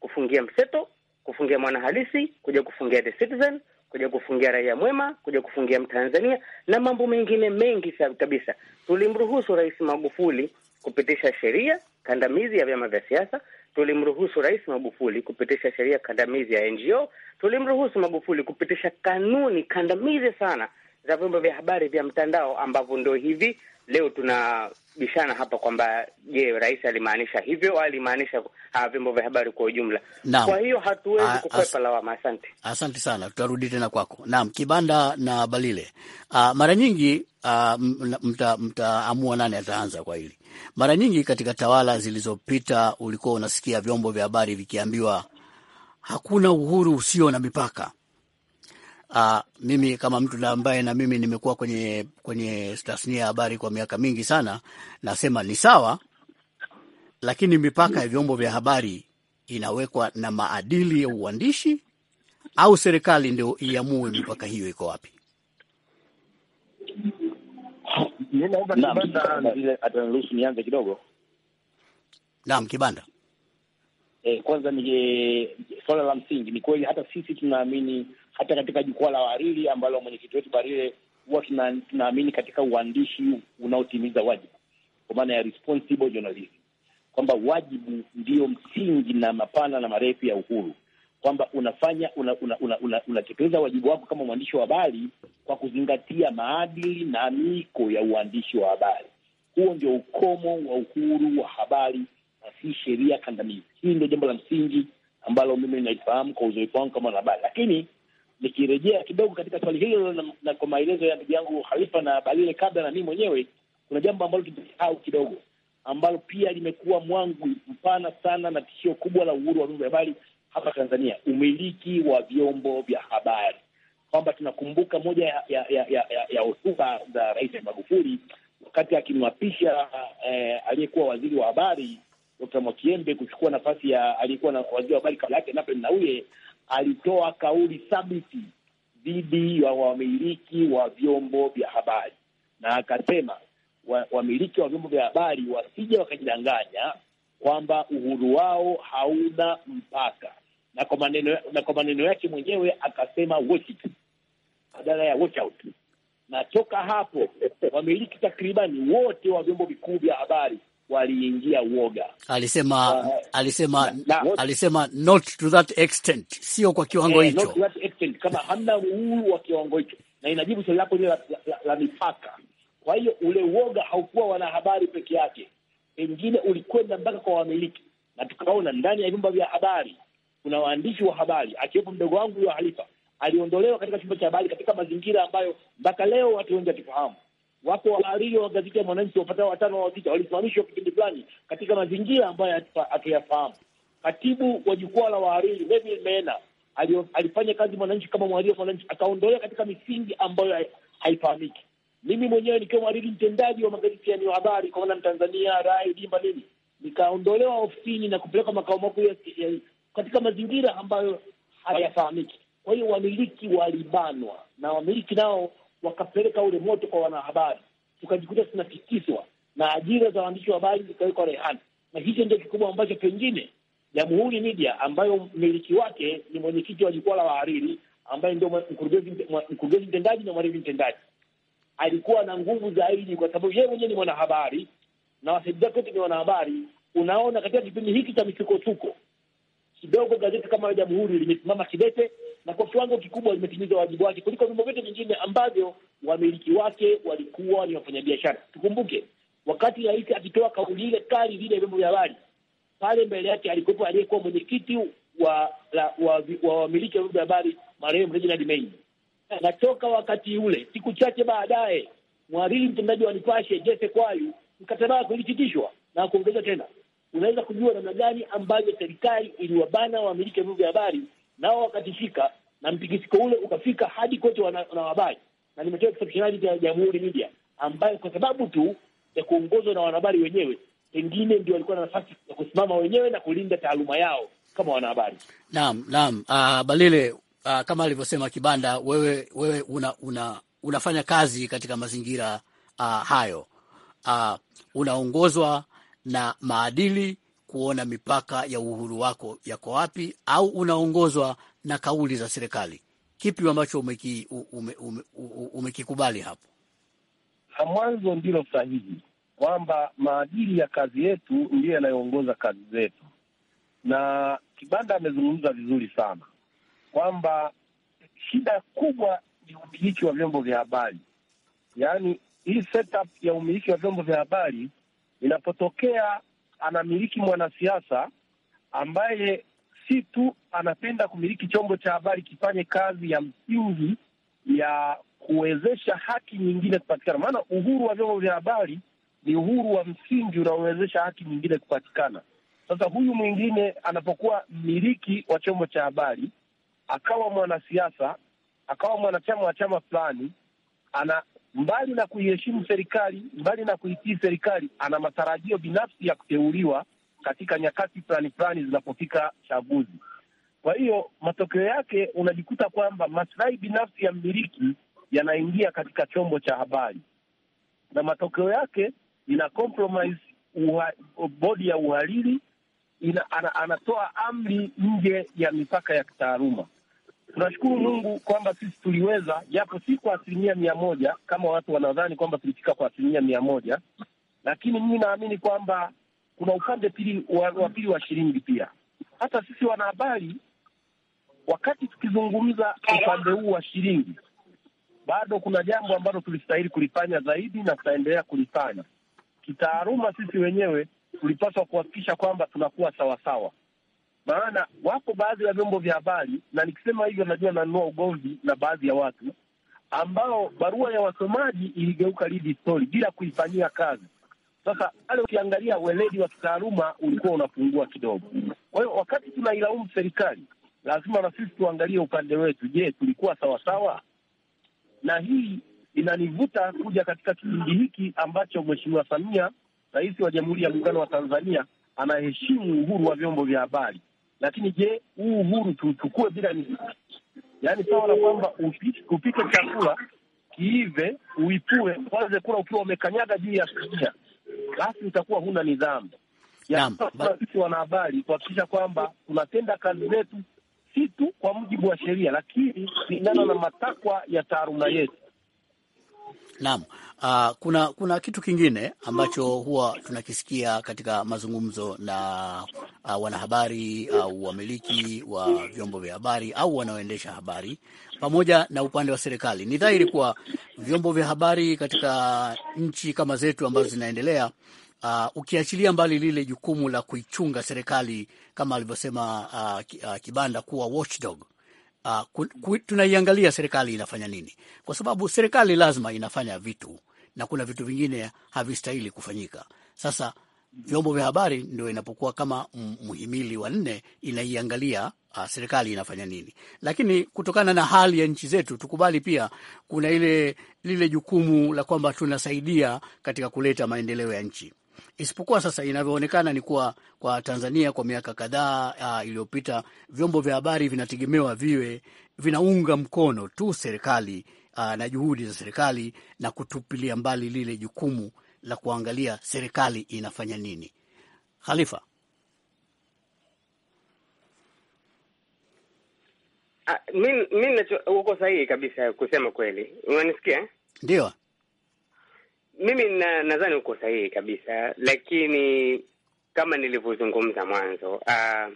kufungia Mseto, kufungia Mwanahalisi, kuja kufungia The Citizen, kuja kufungia Raia Mwema, kuja kufungia Mtanzania na mambo mengine mengi kabisa. Tulimruhusu Rais Magufuli kupitisha sheria kandamizi ya vyama vya siasa tulimruhusu Rais Magufuli kupitisha sheria kandamizi ya NGO, tulimruhusu Magufuli kupitisha kanuni kandamizi sana za vyombo vya habari vya mtandao, ambavyo ndo hivi leo tunabishana hapa kwamba je, rais alimaanisha hivyo au alimaanisha ah, vyombo vya habari kwa ujumla? Naam. Kwa hiyo hatuwezi ah, kukwepa lawama. Asante, asante sana, tutarudi tena kwako. Naam, Kibanda na Balile. Ah, mara nyingi mtaamua mta nani ataanza kwa hili mara nyingi katika tawala zilizopita ulikuwa unasikia vyombo vya habari vikiambiwa hakuna uhuru usio na mipaka. Aa, ah, mimi kama mtu na ambaye na mimi nimekuwa kwenye kwenye tasnia ya habari kwa miaka mingi sana, nasema ni sawa, lakini mipaka ya vyombo vya habari inawekwa na maadili ya uandishi au serikali ndio iamue mipaka hiyo iko wapi? mi naomba Kibanda vile ataniruhusu nianze kidogo. Naam, Kibanda. E, kwanza ni e, swala la msingi. Ni kweli hata sisi tunaamini, hata katika jukwaa la wahariri ambalo mwenyekiti wetu Barile huwa tunaamini katika uandishi unaotimiza wajibu, kwa maana ya responsible journalism, kwamba wajibu ndio msingi na mapana na marefu ya uhuru kwamba unafanya unatekeleza una, una, una, una wajibu wako kama mwandishi wa habari kwa kuzingatia maadili na miko ya uandishi wa habari. Huo ndio ukomo wa uhuru wa habari na si sheria kandamizi. Hii ndio jambo la msingi ambalo mimi naifahamu kwa uzoefu wangu kama wanahabari. Lakini nikirejea kidogo katika swali hilo na, na kwa maelezo ya ndugu yangu Khalifa na Balile kabla na mii mwenyewe, kuna jambo ambalo tumesahau kidogo, ambalo pia limekuwa mwangu mpana sana na tishio kubwa la uhuru wa vyombo vya habari hapa Tanzania, umiliki wa vyombo vya habari, kwamba tunakumbuka moja ya hotuba za Rais Magufuli wakati akimwapisha eh, aliyekuwa waziri wa habari Dr. Mwakiembe kuchukua nafasi ya aliyekuwa na waziri wa habari kabla yake Nape Nnauye, alitoa kauli thabiti dhidi ya wamiliki wa vyombo vya habari na akasema wamiliki wa vyombo vya habari wasije wakajidanganya kwamba uhuru wao hauna mpaka na kwa maneno na kwa maneno yake mwenyewe akasema watch it badala ya watch out. Na toka hapo wamiliki takribani wote wa vyombo vikuu vya habari waliingia uoga. Alisema uh, alisema na, na, alisema not to that extent, sio kwa kiwango hicho eh, not to that extent, kama hamna uhuru wa kiwango hicho, na inajibu swali lako lile la, la, la, la mipaka. Kwa hiyo ule uoga haukuwa wanahabari peke yake, pengine ulikwenda mpaka kwa wamiliki, na tukaona ndani ya vyombo vya habari kuna waandishi wa habari akiwepo mdogo wangu huyo Halifa aliondolewa katika chumba cha habari katika mazingira ambayo mpaka leo watu wengi hatufahamu. Wapo wahariri wa gazeti ya Mwananchi wapatao watano au sita walisimamishwa kipindi fulani katika mazingira ambayo hatuyafahamu. Katibu wa jukwaa la wahariri Neville Meena alifanya kazi Mwananchi kama mhariri wa Mwananchi, akaondolewa katika misingi ambayo haifahamiki. Mimi mwenyewe nikiwa mhariri mtendaji wa magazeti ya habari kwa maana Mtanzania, Rai, Dimba nini, nikaondolewa ofisini na kupelekwa makao makuu ya katika mazingira ambayo hayafahamiki. Kwa hiyo wamiliki walibanwa na wamiliki nao wakapeleka ule moto kwa wanahabari, tukajikuta tunatikiswa na ajira za waandishi wa habari zikawekwa rehani, na hicho ndio kikubwa ambacho pengine Jamhuri Media ambayo mmiliki wake ni mwenyekiti wa jukwaa la wahariri ambaye ndio mkurugenzi mtendaji na mhariri mtendaji alikuwa na nguvu zaidi, kwa sababu yeye mwenyewe ni mwanahabari na wasaidizi wake wote ni wanahabari. Unaona, katika kipindi hiki cha misukosuko kidogo gazeti kama Jamhuri limesimama kidete na kwa kiwango kikubwa limetimiza wajibu wake kuliko vyombo vyote vingine ambavyo wamiliki wake walikuwa ni wafanyabiashara. Tukumbuke wakati rais akitoa kauli ile kali vile vyombo vya habari pale mbele yake alikuwepo aliyekuwa mwenyekiti wa wamiliki wa, wa vyombo vya habari marehemu Reginald Mengi. Na toka wakati ule, siku chache baadaye, mhariri mtendaji wa Nipashe Jesse Kwayu mkataba wake ulisitishwa na kuongezwa tena unaweza kujua namna gani ambavyo serikali iliwabana wamiliki vyombo vya habari, nao wakatishika, na mtikisiko ule ukafika hadi kote wanahabari, na nimetoa exceptionality cha Jamhuri Media ambayo kwa sababu tu ya kuongozwa na wanahabari wenyewe, pengine ndio walikuwa na nafasi ya kusimama wenyewe na kulinda taaluma yao kama wanahabari. Naam, naam. Uh, Balile, uh, kama alivyosema Kibanda, wewe wewe una, una unafanya kazi katika mazingira uh, hayo uh, unaongozwa na maadili, kuona mipaka ya uhuru wako yako wapi, au unaongozwa na kauli za serikali? Kipi ambacho umekikubali ume, ume, ume hapo? Mwanzo ndilo sahihi, kwamba maadili ya kazi yetu ndiyo yanayoongoza kazi zetu, na Kibanda amezungumza vizuri sana kwamba shida kubwa ni umiliki wa vyombo vya habari, yaani hii setup ya umiliki wa vyombo vya habari Inapotokea anamiliki mwanasiasa ambaye si tu anapenda kumiliki chombo cha habari kifanye kazi ya msingi ya kuwezesha haki nyingine kupatikana, maana uhuru wa vyombo vya habari ni uhuru wa msingi unaowezesha haki nyingine kupatikana. Sasa huyu mwingine anapokuwa mmiliki wa chombo cha habari akawa mwanasiasa akawa mwanachama wa chama fulani, ana mbali na kuiheshimu serikali, mbali na kuitii serikali, ana matarajio binafsi ya kuteuliwa katika nyakati fulani fulani zinapofika chaguzi. Kwa hiyo matokeo yake unajikuta kwamba maslahi binafsi ya mmiliki yanaingia katika chombo cha habari, na matokeo yake ina compromise uha, bodi ya uhalili ina, ana, anatoa amri nje ya mipaka ya kitaaluma tunashukuru Mungu kwamba sisi tuliweza, japo si kwa asilimia mia moja kama watu wanadhani kwamba tulifika kwa asilimia mia moja, lakini mimi naamini kwamba kuna upande pili wa pili wa shilingi pia. Hata sisi wanahabari, wakati tukizungumza upande huu wa shilingi, bado kuna jambo ambalo tulistahili kulifanya zaidi na tutaendelea kulifanya kitaaluma. Sisi wenyewe tulipaswa kuhakikisha kwamba tunakuwa sawasawa sawa. Maana wapo baadhi ya vyombo vya habari, na nikisema hivyo najua nanunua ugomvi na baadhi ya watu ambao barua ya wasomaji iligeuka lead story bila kuifanyia kazi. Sasa pale ukiangalia weledi wa kitaaluma ulikuwa unapungua kidogo. Kwa hiyo wakati tunailaumu serikali, lazima na sisi tuangalie upande wetu. Je, tulikuwa sawasawa? Na hii inanivuta kuja katika kipindi hiki ambacho Mheshimiwa Samia, Rais wa Jamhuri ya Muungano wa Tanzania, anaheshimu uhuru wa vyombo vya habari. Lakini je, huu uhuru tuuchukue bila nini? Yaani sawa na kwamba upike chakula kiive, uipue, uanze kula ukiwa umekanyaga juu ya sinia, basi utakuwa huna nidhamu. Sisi wanahabari kuhakikisha kwamba tunatenda kazi zetu si tu kwa mujibu wa sheria, lakini kulingana na matakwa ya taaluma yetu. Naam. Uh, kuna kuna kitu kingine ambacho huwa tunakisikia katika mazungumzo na uh, wanahabari au ah, uh, wamiliki wa vyombo vya habari au wanaoendesha habari pamoja na upande wa serikali. Ni dhahiri kuwa vyombo vya habari katika nchi kama zetu ambazo zinaendelea Uh, ukiachilia mbali lile jukumu la kuichunga serikali kama alivyosema uh, Kibanda kuwa watchdog, uh, tunaiangalia serikali inafanya nini, kwa sababu serikali lazima inafanya vitu na kuna vitu vingine havistahili kufanyika. Sasa vyombo vya habari ndio inapokuwa kama mhimili wa nne, inaiangalia uh, serikali inafanya nini. Lakini kutokana na hali ya nchi zetu tukubali pia kuna ile lile jukumu la kwamba tunasaidia katika kuleta maendeleo ya nchi isipokuwa sasa inavyoonekana ni kuwa kwa Tanzania kwa miaka kadhaa uh, iliyopita vyombo vya habari vinategemewa viwe vinaunga mkono tu serikali uh, na juhudi za serikali na kutupilia mbali lile jukumu la kuangalia serikali inafanya nini. Khalifa. Ah, mi uko sahihi kabisa kusema kweli. Unanisikia? Ndio mimi na, nadhani uko sahihi kabisa, lakini kama nilivyozungumza mwanzo, ah,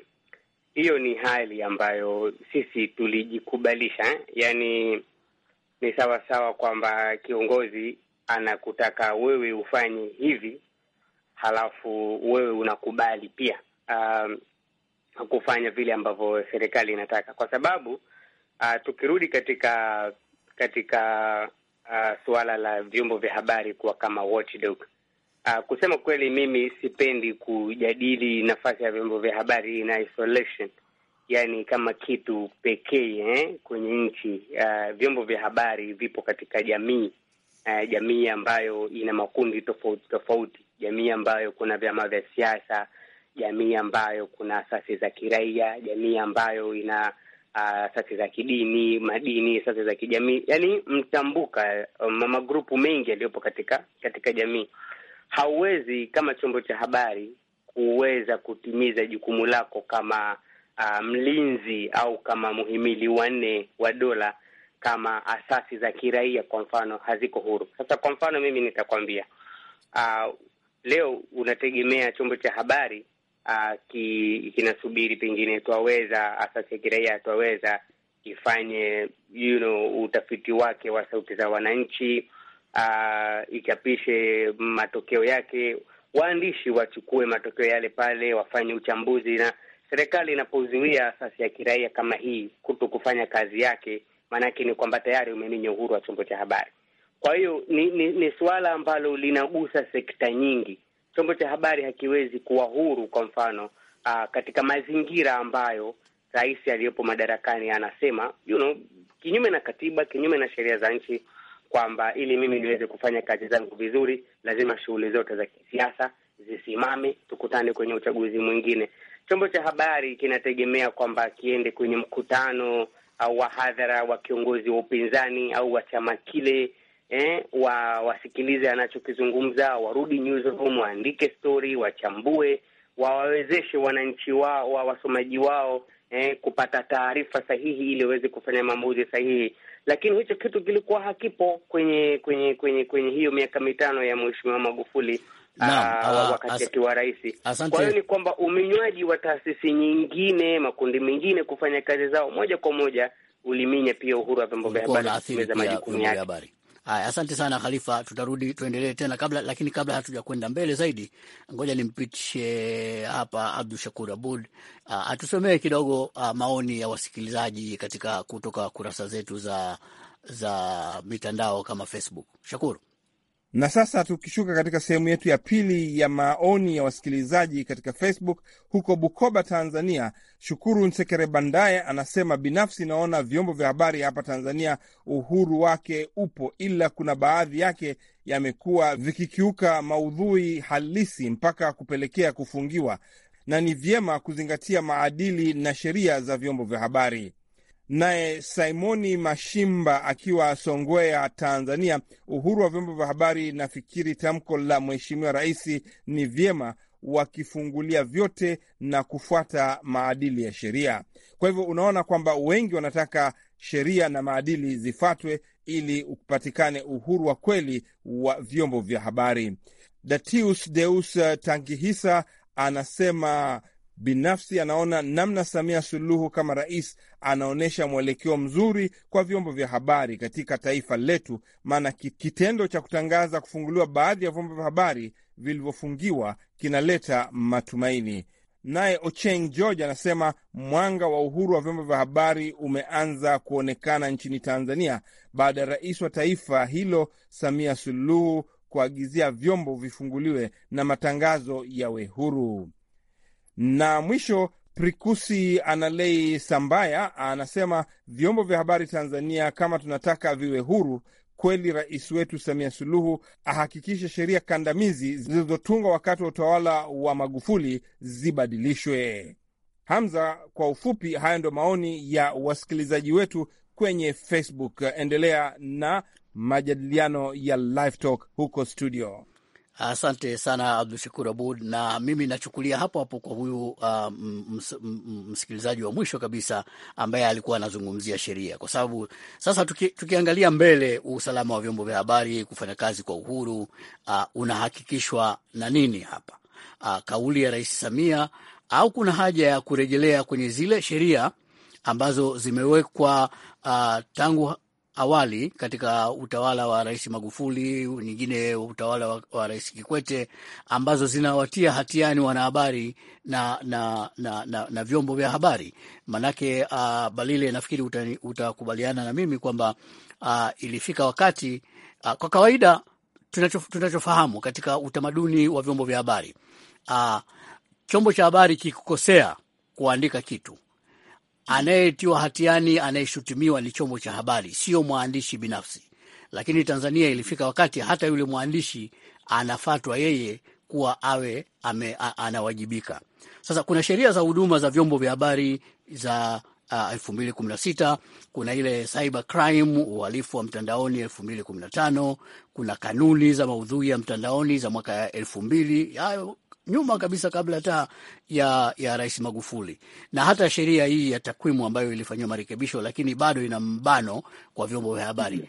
hiyo ni hali ambayo sisi tulijikubalisha eh? ni sawa sawa kwamba kiongozi anakutaka wewe ufanye hivi, halafu wewe unakubali pia uh, kufanya vile ambavyo serikali inataka, kwa sababu uh, tukirudi katika katika uh, suala la vyombo vya habari kuwa kama watchdog. Uh, kusema kweli, mimi sipendi kujadili nafasi ya vyombo vya habari in isolation, yani kama kitu pekee eh, kwenye nchi. Uh, vyombo vya habari vipo katika jamii uh, jamii ambayo ina makundi tofauti tofauti, jamii ambayo kuna vyama vya siasa, jamii ambayo kuna asasi za kiraia, jamii ambayo ina Ah, asasi za kidini, madini, asasi za kijamii, yani mtambuka um, magrupu mengi yaliyopo katika katika jamii. Hauwezi kama chombo cha habari kuweza kutimiza jukumu lako kama uh, mlinzi au kama muhimili wanne wa dola kama asasi za kiraia kwa mfano haziko huru. Sasa kwa mfano mimi nitakwambia, uh, leo unategemea chombo cha habari uh, ki, kinasubiri pengine twaweza, asasi ya kiraia twaweza ifanye you know, utafiti wake wa sauti za wananchi uh, ichapishe matokeo yake, waandishi wachukue matokeo yale pale wafanye uchambuzi, na serikali inapozuia asasi ya kiraia kama hii kuto kufanya kazi yake, maanake ni kwamba tayari umeminya uhuru wa chombo cha habari. Kwa hiyo ni, ni, ni suala ambalo linagusa sekta nyingi chombo cha habari hakiwezi kuwa huru, kwa mfano uh, katika mazingira ambayo rais aliyepo madarakani anasema you know, kinyume na katiba, kinyume na sheria za nchi kwamba ili mimi niweze kufanya kazi zangu vizuri, lazima shughuli zote za kisiasa zisimame, tukutane kwenye uchaguzi mwingine. Chombo cha habari kinategemea kwamba kiende kwenye mkutano au wa hadhara wa kiongozi wa upinzani au wa chama kile eh, wa wasikilize anachokizungumza, warudi newsroom, waandike stori, wachambue, wawawezeshe wananchi wao wa wasomaji wao eh, kupata taarifa sahihi ili waweze kufanya maamuzi sahihi. Lakini hicho kitu kilikuwa hakipo kwenye kwenye kwenye kwenye hiyo miaka mitano ya Mheshimiwa Magufuli. Ah, Aa, ah, wakati akiwa rais. Kwa hiyo ni kwamba uminywaji wa taasisi nyingine, makundi mengine kufanya kazi zao moja kwa moja uliminya pia uhuru wa vyombo vya habari majukumu yake. Haya, asante sana Khalifa, tutarudi tuendelee tena kabla, lakini kabla hatuja kwenda mbele zaidi, ngoja nimpitishe hapa Abdu Shakur Abud atusomee kidogo a, maoni ya wasikilizaji katika kutoka kurasa zetu za, za mitandao kama Facebook. Shakuru. Na sasa tukishuka katika sehemu yetu ya pili ya maoni ya wasikilizaji katika Facebook huko Bukoba, Tanzania, Shukuru Nsekere Bandaye anasema binafsi naona vyombo vya habari hapa Tanzania uhuru wake upo, ila kuna baadhi yake yamekuwa vikikiuka maudhui halisi mpaka kupelekea kufungiwa, na ni vyema kuzingatia maadili na sheria za vyombo vya habari. Naye Simoni Mashimba akiwa Songwea, Tanzania, uhuru wa vyombo vya habari. Nafikiri tamko la mheshimiwa rais ni vyema wakifungulia vyote na kufuata maadili ya sheria. Kwa hivyo unaona kwamba wengi wanataka sheria na maadili zifuatwe ili upatikane uhuru wa kweli wa vyombo vya habari. Datius Deus Tangihisa anasema Binafsi anaona namna Samia Suluhu kama rais anaonyesha mwelekeo mzuri kwa vyombo vya habari katika taifa letu, maana kitendo cha kutangaza kufunguliwa baadhi ya vyombo vya habari vilivyofungiwa kinaleta matumaini. Naye Ocheng George anasema mwanga wa uhuru wa vyombo vya habari umeanza kuonekana nchini Tanzania baada ya rais wa taifa hilo Samia Suluhu kuagizia vyombo vifunguliwe na matangazo yawe huru. Na mwisho Prikusi Analei Sambaya anasema vyombo vya habari Tanzania, kama tunataka viwe huru kweli, rais wetu Samia Suluhu ahakikishe sheria kandamizi zilizotungwa wakati wa utawala wa Magufuli zibadilishwe. Hamza, kwa ufupi, haya ndio maoni ya wasikilizaji wetu kwenye Facebook. Endelea na majadiliano ya Live Talk huko studio. Asante sana Abdu Shakur Abud, na mimi nachukulia hapo hapo kwa huyu uh, msikilizaji wa mwisho kabisa ambaye alikuwa anazungumzia sheria, kwa sababu sasa tuki, tukiangalia mbele, usalama wa vyombo vya habari kufanya kazi kwa uhuru uh, unahakikishwa na nini hapa? Uh, kauli ya Rais Samia au kuna haja ya kurejelea kwenye zile sheria ambazo zimewekwa uh, tangu awali katika utawala wa Rais Magufuli, nyingine utawala wa, wa Rais Kikwete, ambazo zinawatia hatiani wanahabari na, na, na, na, na vyombo vya habari. Manake uh, Balile, nafikiri utakubaliana uta na mimi kwamba uh, ilifika wakati uh, kwa kawaida tunachof, tunachofahamu katika utamaduni wa vyombo vya habari uh, chombo cha habari kikikosea kuandika kitu anayetiwa hatiani, anayeshutumiwa ni chombo cha habari, sio mwandishi binafsi. Lakini Tanzania ilifika wakati hata yule mwandishi anafatwa yeye kuwa awe ame, a, anawajibika. Sasa kuna sheria za huduma za vyombo vya habari za elfu mbili kumi na sita kuna ile cyber crime uhalifu wa mtandaoni elfu mbili kumi na tano kuna kanuni za maudhui ya mtandaoni za mwaka elfu mbili nyuma kabisa kabla hata ya, ya Rais Magufuli na hata sheria hii ya takwimu ambayo ilifanyiwa marekebisho, lakini bado ina mbano kwa vyombo vya habari.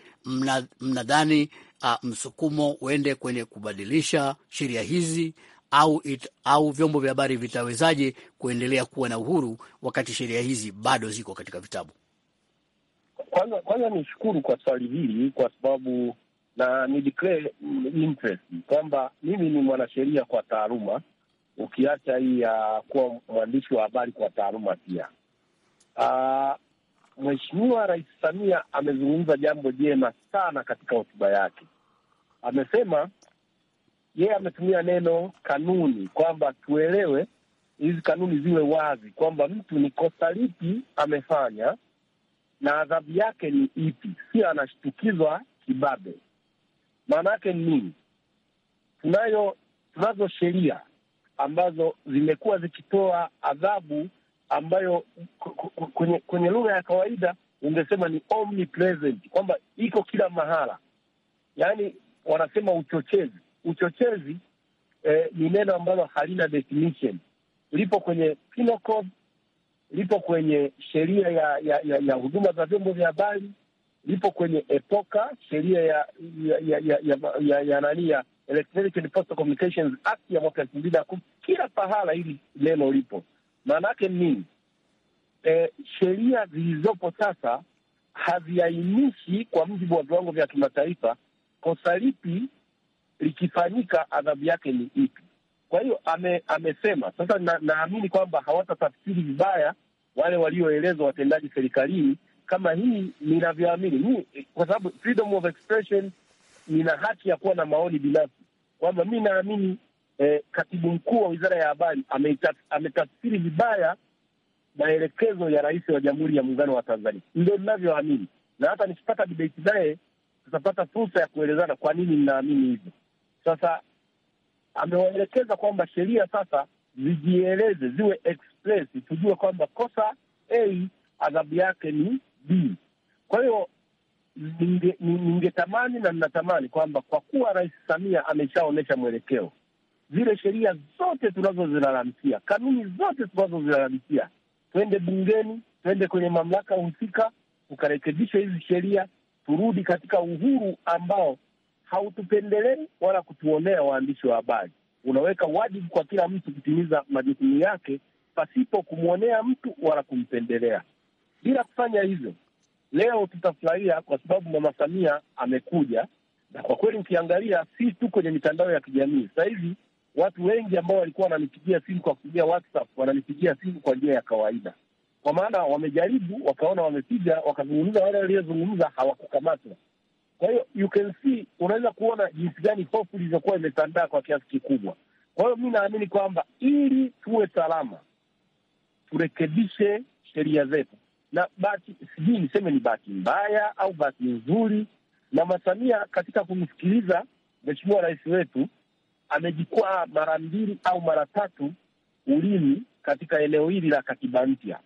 Mnadhani mna uh, msukumo uende kwenye kubadilisha sheria hizi au, it, au vyombo vya habari vitawezaje kuendelea kuwa na uhuru wakati sheria hizi bado ziko katika vitabu? Kwanza kwanza nishukuru kwa swali hili kwa sababu na ni declare interest kwamba mimi ni mwanasheria kwa taaluma, ukiacha hii ya kuwa mwandishi wa habari kwa taaluma pia. Ah, Mheshimiwa Rais Samia amezungumza jambo jema sana katika hotuba yake. Amesema yeye ametumia neno kanuni, kwamba tuelewe hizi kanuni ziwe wazi, kwamba mtu ni kosa lipi amefanya na adhabu yake ni ipi, sio anashtukizwa kibabe. Maana yake ni nini? Tunayo, tunazo sheria ambazo zimekuwa zikitoa adhabu ambayo kwenye, kwenye lugha ya kawaida ungesema ni omnipresent, kwamba iko kila mahala. Yaani wanasema uchochezi. Uchochezi eh, ni neno ambalo halina definition, lipo kwenye penal code, lipo kwenye sheria ya, ya, ya, ya huduma za vyombo vya habari lipo kwenye epoka sheria ya ya ya ya, ya, ya, nani ya Electronic and Postal Communications Act ya mwaka elfu mbili na kumi. Kila pahala hili neno lipo. Maana yake nini? E, sheria zilizopo sasa haziainishi kwa mujibu wa viwango vya kimataifa kosa lipi likifanyika adhabu yake ni ipi. Kwa hiyo ame, amesema sasa, naamini na kwamba hawatatafsiri vibaya wale walioelezwa watendaji serikalini kama hii ninavyoamini, kwa sababu freedom of expression, nina haki ya kuwa na maoni binafsi, kwamba mi naamini eh, katibu mkuu wa wizara ya habari ametafsiri vibaya maelekezo ya rais wa Jamhuri ya Muungano wa Tanzania. Ndio ninavyoamini, na hata nikipata debate naye tutapata fursa ya kuelezana kwa nini ninaamini hivyo. Sasa amewaelekeza kwamba sheria sasa zijieleze, ziwe express, tujue kwamba kosa A adhabu yake ni B. Hmm. Kwa hiyo ningetamani na ninatamani kwamba kwa kuwa Rais Samia ameshaonyesha mwelekeo, zile sheria zote tunazozilalamikia, kanuni zote tunazozilalamikia, twende bungeni, twende kwenye mamlaka husika, tukarekebisha hizi sheria, turudi katika uhuru ambao hautupendelei wala kutuonea waandishi wa habari. Unaweka wajibu kwa kila mtu kutimiza majukumu yake pasipo kumwonea mtu wala kumpendelea. Bila kufanya hivyo, leo tutafurahia kwa sababu mama Samia amekuja, na kwa kweli ukiangalia, si tu kwenye mitandao ya kijamii sasa hivi watu wengi ambao walikuwa wananipigia simu kwa kutumia WhatsApp wananipigia simu kwa njia ya kawaida, kwa maana wamejaribu, wakaona wamepiga, wakazungumza, wale waliozungumza hawakukamatwa. Kwa hiyo you can see, unaweza kuona jinsi gani hofu ilivyokuwa imetandaa kwa kiasi kikubwa. Kwa hiyo mi naamini kwamba ili tuwe salama, turekebishe sheria zetu, na bahati, sijui niseme ni bahati mbaya au bahati nzuri, Mama Samia katika kumsikiliza Mheshimiwa Rais wetu amejikwaa mara mbili au mara tatu ulimi katika eneo hili la katiba mpya.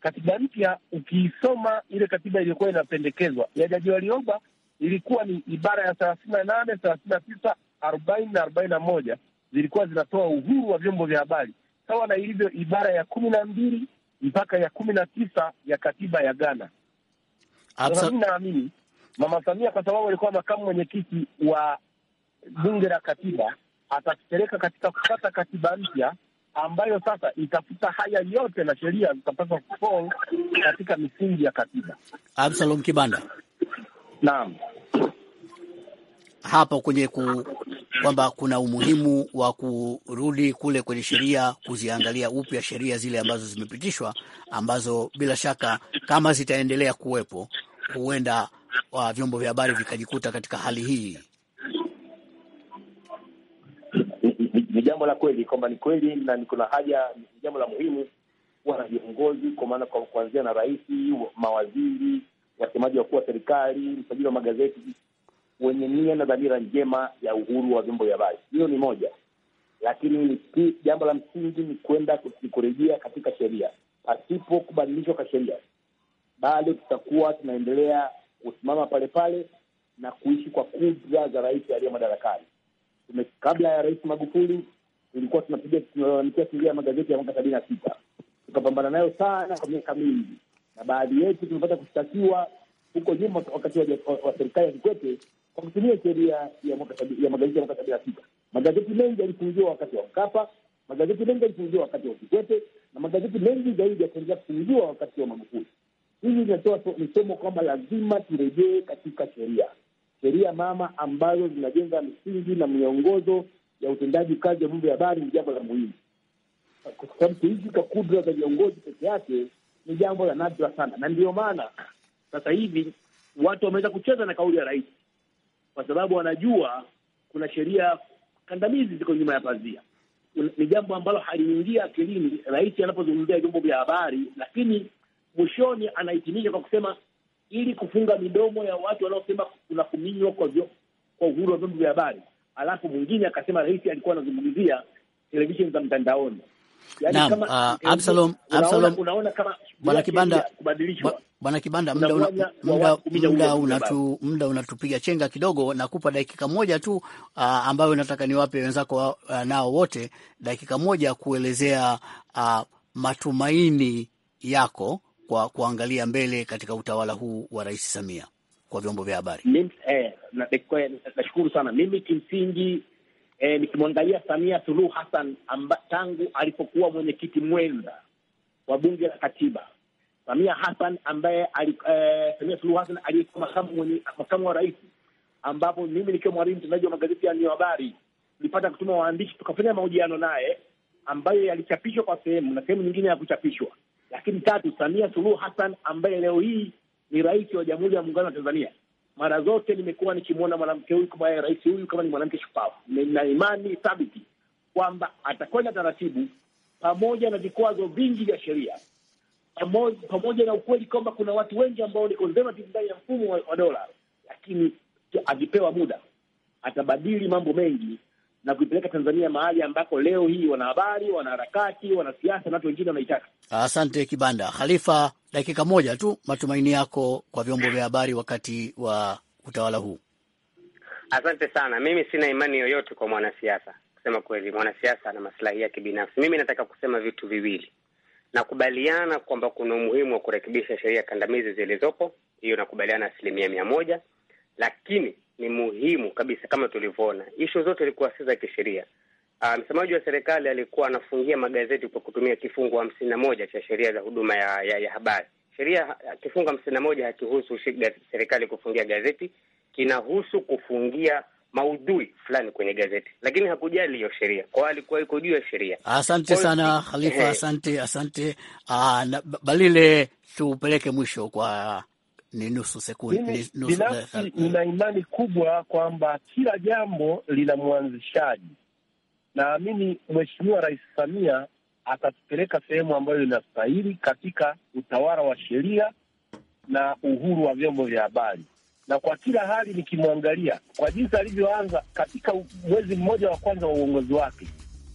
Katiba mpya ukiisoma ile katiba iliyokuwa inapendekezwa ya Jaji Warioba ilikuwa ni ibara ya thelathini na nane thelathini na tisa arobaini na arobaini na moja zilikuwa zinatoa uhuru wa vyombo vya habari sawa na ilivyo ibara ya kumi na mbili mpaka ya kumi na tisa ya katiba ya Ghana. Sasa mimi naamini Mama Samia kwa sababu alikuwa makamu mwenyekiti wa bunge la katiba, atatupeleka katika kupata katiba mpya ambayo sasa itafuta haya yote na sheria zitapaswa kufall katika misingi ya katiba. Absalom Kibanda, naam, hapo kwenye ku, kwamba kuna umuhimu wa kurudi kule kwenye sheria kuziangalia upya sheria zile ambazo zimepitishwa, ambazo bila shaka kama zitaendelea kuwepo, huenda wa uh, vyombo vya habari vikajikuta katika hali hii. Ni jambo la kweli kwamba ni kweli na kuna haja, ni jambo la muhimu kuwa na viongozi, kwa maana kwa kuanzia na rais, mawaziri, wasemaji wakuu wa serikali, msajili wa magazeti wenye nia na dhamira njema ya uhuru wa vyombo vya habari. Hiyo ni moja, lakini jambo la msingi ni kwenda kurejea katika sheria. Pasipo kubadilishwa kwa sheria, bado tutakuwa tunaendelea kusimama pale pale na kuishi kwa kudra za rais aliye madarakani. Kabla ya Rais Magufuli tulikuwa tunapiga tunalalamikia sheria ya magazeti ya mwaka sabini na sita tukapambana nayo sana kwa miaka mingi, na baadhi yetu tumepata kushtakiwa huko nyuma wakati wa serikali ya Kikwete kwa kutumia sheria ya magazeti ya mwaka sabini na sita. Magazeti mengi yalifungiwa wakati wa Mkapa, magazeti mengi yalifungiwa wakati wa Kikwete na magazeti mengi zaidi yakaendelea kufungiwa wakati wa Magufuli. Hili linatoa msomo kwamba lazima turejee katika sheria, sheria mama ambazo zinajenga misingi na miongozo ya utendaji kazi ya vyombo vya habari ni jambo la muhimu, kwa sababu kuizika kudra za viongozi peke yake ni jambo la nadra sana, na ndiyo maana sasa hivi watu wameweza kucheza na kauli ya rais kwa sababu wanajua kuna sheria kandamizi ziko nyuma ya pazia. Ni jambo ambalo haliingia akilini rais anapozungumzia vyombo vya habari, lakini mwishoni anahitimisha kwa kusema ili kufunga midomo ya watu wanaosema kuna kuminywa kwa kwa uhuru wa vyombo vya habari. Alafu mwingine akasema rais alikuwa anazungumzia televisheni za mtandaoni. Yani uh, ah, eh, eh, Absalom, Absalom, unaona kama Bwana Kibanda, Bwana Kibanda, muda muda muda unatu muda unatupiga chenga kidogo. Nakupa dakika moja tu uh, ambayo nataka niwape wenzako uh, nao wote dakika moja kuelezea uh, matumaini yako kwa kuangalia mbele katika utawala huu wa Rais Samia kwa vyombo vya habari. Nashukuru eh, na, eh, na, na sana mimi kimsingi e, nikimwangalia Samia Suluhu Hassan amba, tangu alipokuwa mwenyekiti mwenza wa bunge la katiba Samia Hassan ambaye ali, eh, Samia Suluhu Hassan aliyekuwa makamu wa rais, ambapo mimi nikiwa mwalimu mtendaji wa magazeti ya habari tulipata kutuma waandishi tukafanya mahojiano naye ambayo yalichapishwa kwa sehemu na sehemu nyingine ya kuchapishwa. Lakini tatu, Samia Suluhu Hassan ambaye leo hii ni rais wa Jamhuri ya Muungano wa Tanzania mara zote nimekuwa nikimwona mwanamke huyu kama rais huyu kama ni mwanamke shupavu. Nina imani thabiti kwamba atakwenda taratibu, pamoja na vikwazo vingi vya sheria, pamoja na ukweli kwamba kuna watu wengi ambao ni conservative ndani ya mfumo wa, wa dola, lakini akipewa muda atabadili mambo mengi na kuipeleka Tanzania mahali ambako leo hii wanahabari, wanaharakati, wanasiasa na watu wengine wanaitaka. Asante Kibanda. Khalifa dakika moja tu, matumaini yako kwa vyombo vya habari wakati wa utawala huu? Asante sana. Mimi sina imani yoyote kwa mwanasiasa, kusema kweli. Mwanasiasa ana masilahi yake binafsi. Mimi nataka kusema vitu viwili. Nakubaliana kwamba kuna umuhimu wa kurekebisha sheria kandamizi zilizopo, hiyo nakubaliana asilimia mia moja, lakini ni muhimu kabisa, kama tulivyoona, ishu zote ilikuwa si za kisheria Uh, msemaji wa serikali alikuwa anafungia magazeti kwa kutumia kifungu hamsini na moja cha sheria za huduma ya, ya, ya habari. Sheria kifungu hamsini na moja hakihusu serikali kufungia gazeti, kinahusu kufungia maudhui fulani kwenye gazeti, lakini hakujali hiyo sheria kwao, alikuwa iko juu ya sheria. Asante sana Khalifa, eh. asante asante. Uh, na, Balile, tupeleke mwisho kwa ni nusu sekunde. Binafsi eh, eh. nina imani kubwa kwamba kila jambo lina mwanzishaji Naamini Mheshimiwa Rais Samia atatupeleka sehemu ambayo inastahili katika utawala wa sheria na uhuru wa vyombo vya habari. Na kwa kila hali nikimwangalia kwa jinsi alivyoanza katika mwezi mmoja wa kwanza wa uongozi wake,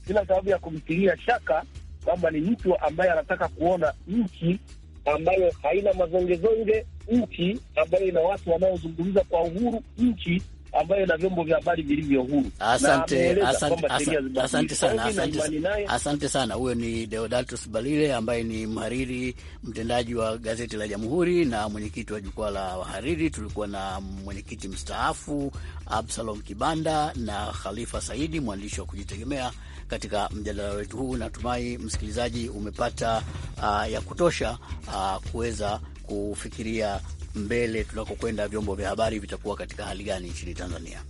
sina sababu ya kumtilia shaka kwamba ni mtu ambaye anataka kuona nchi ambayo haina mazongezonge, nchi ambayo ina watu wanaozungumza kwa uhuru, nchi ambayo na vyombo vya habari vilivyo huru. Asante, asante, asante, asante sana, asante, asante sana. Huyo ni Deodatus Balile ambaye ni mhariri mtendaji wa gazeti la Jamhuri na mwenyekiti wa jukwaa la wahariri. Tulikuwa na mwenyekiti mstaafu Absalom Kibanda na Khalifa Saidi, mwandishi wa kujitegemea katika mjadala wetu huu. Natumai msikilizaji umepata uh, ya kutosha uh, kuweza kufikiria mbele tunakokwenda vyombo vya habari vitakuwa katika hali gani nchini Tanzania?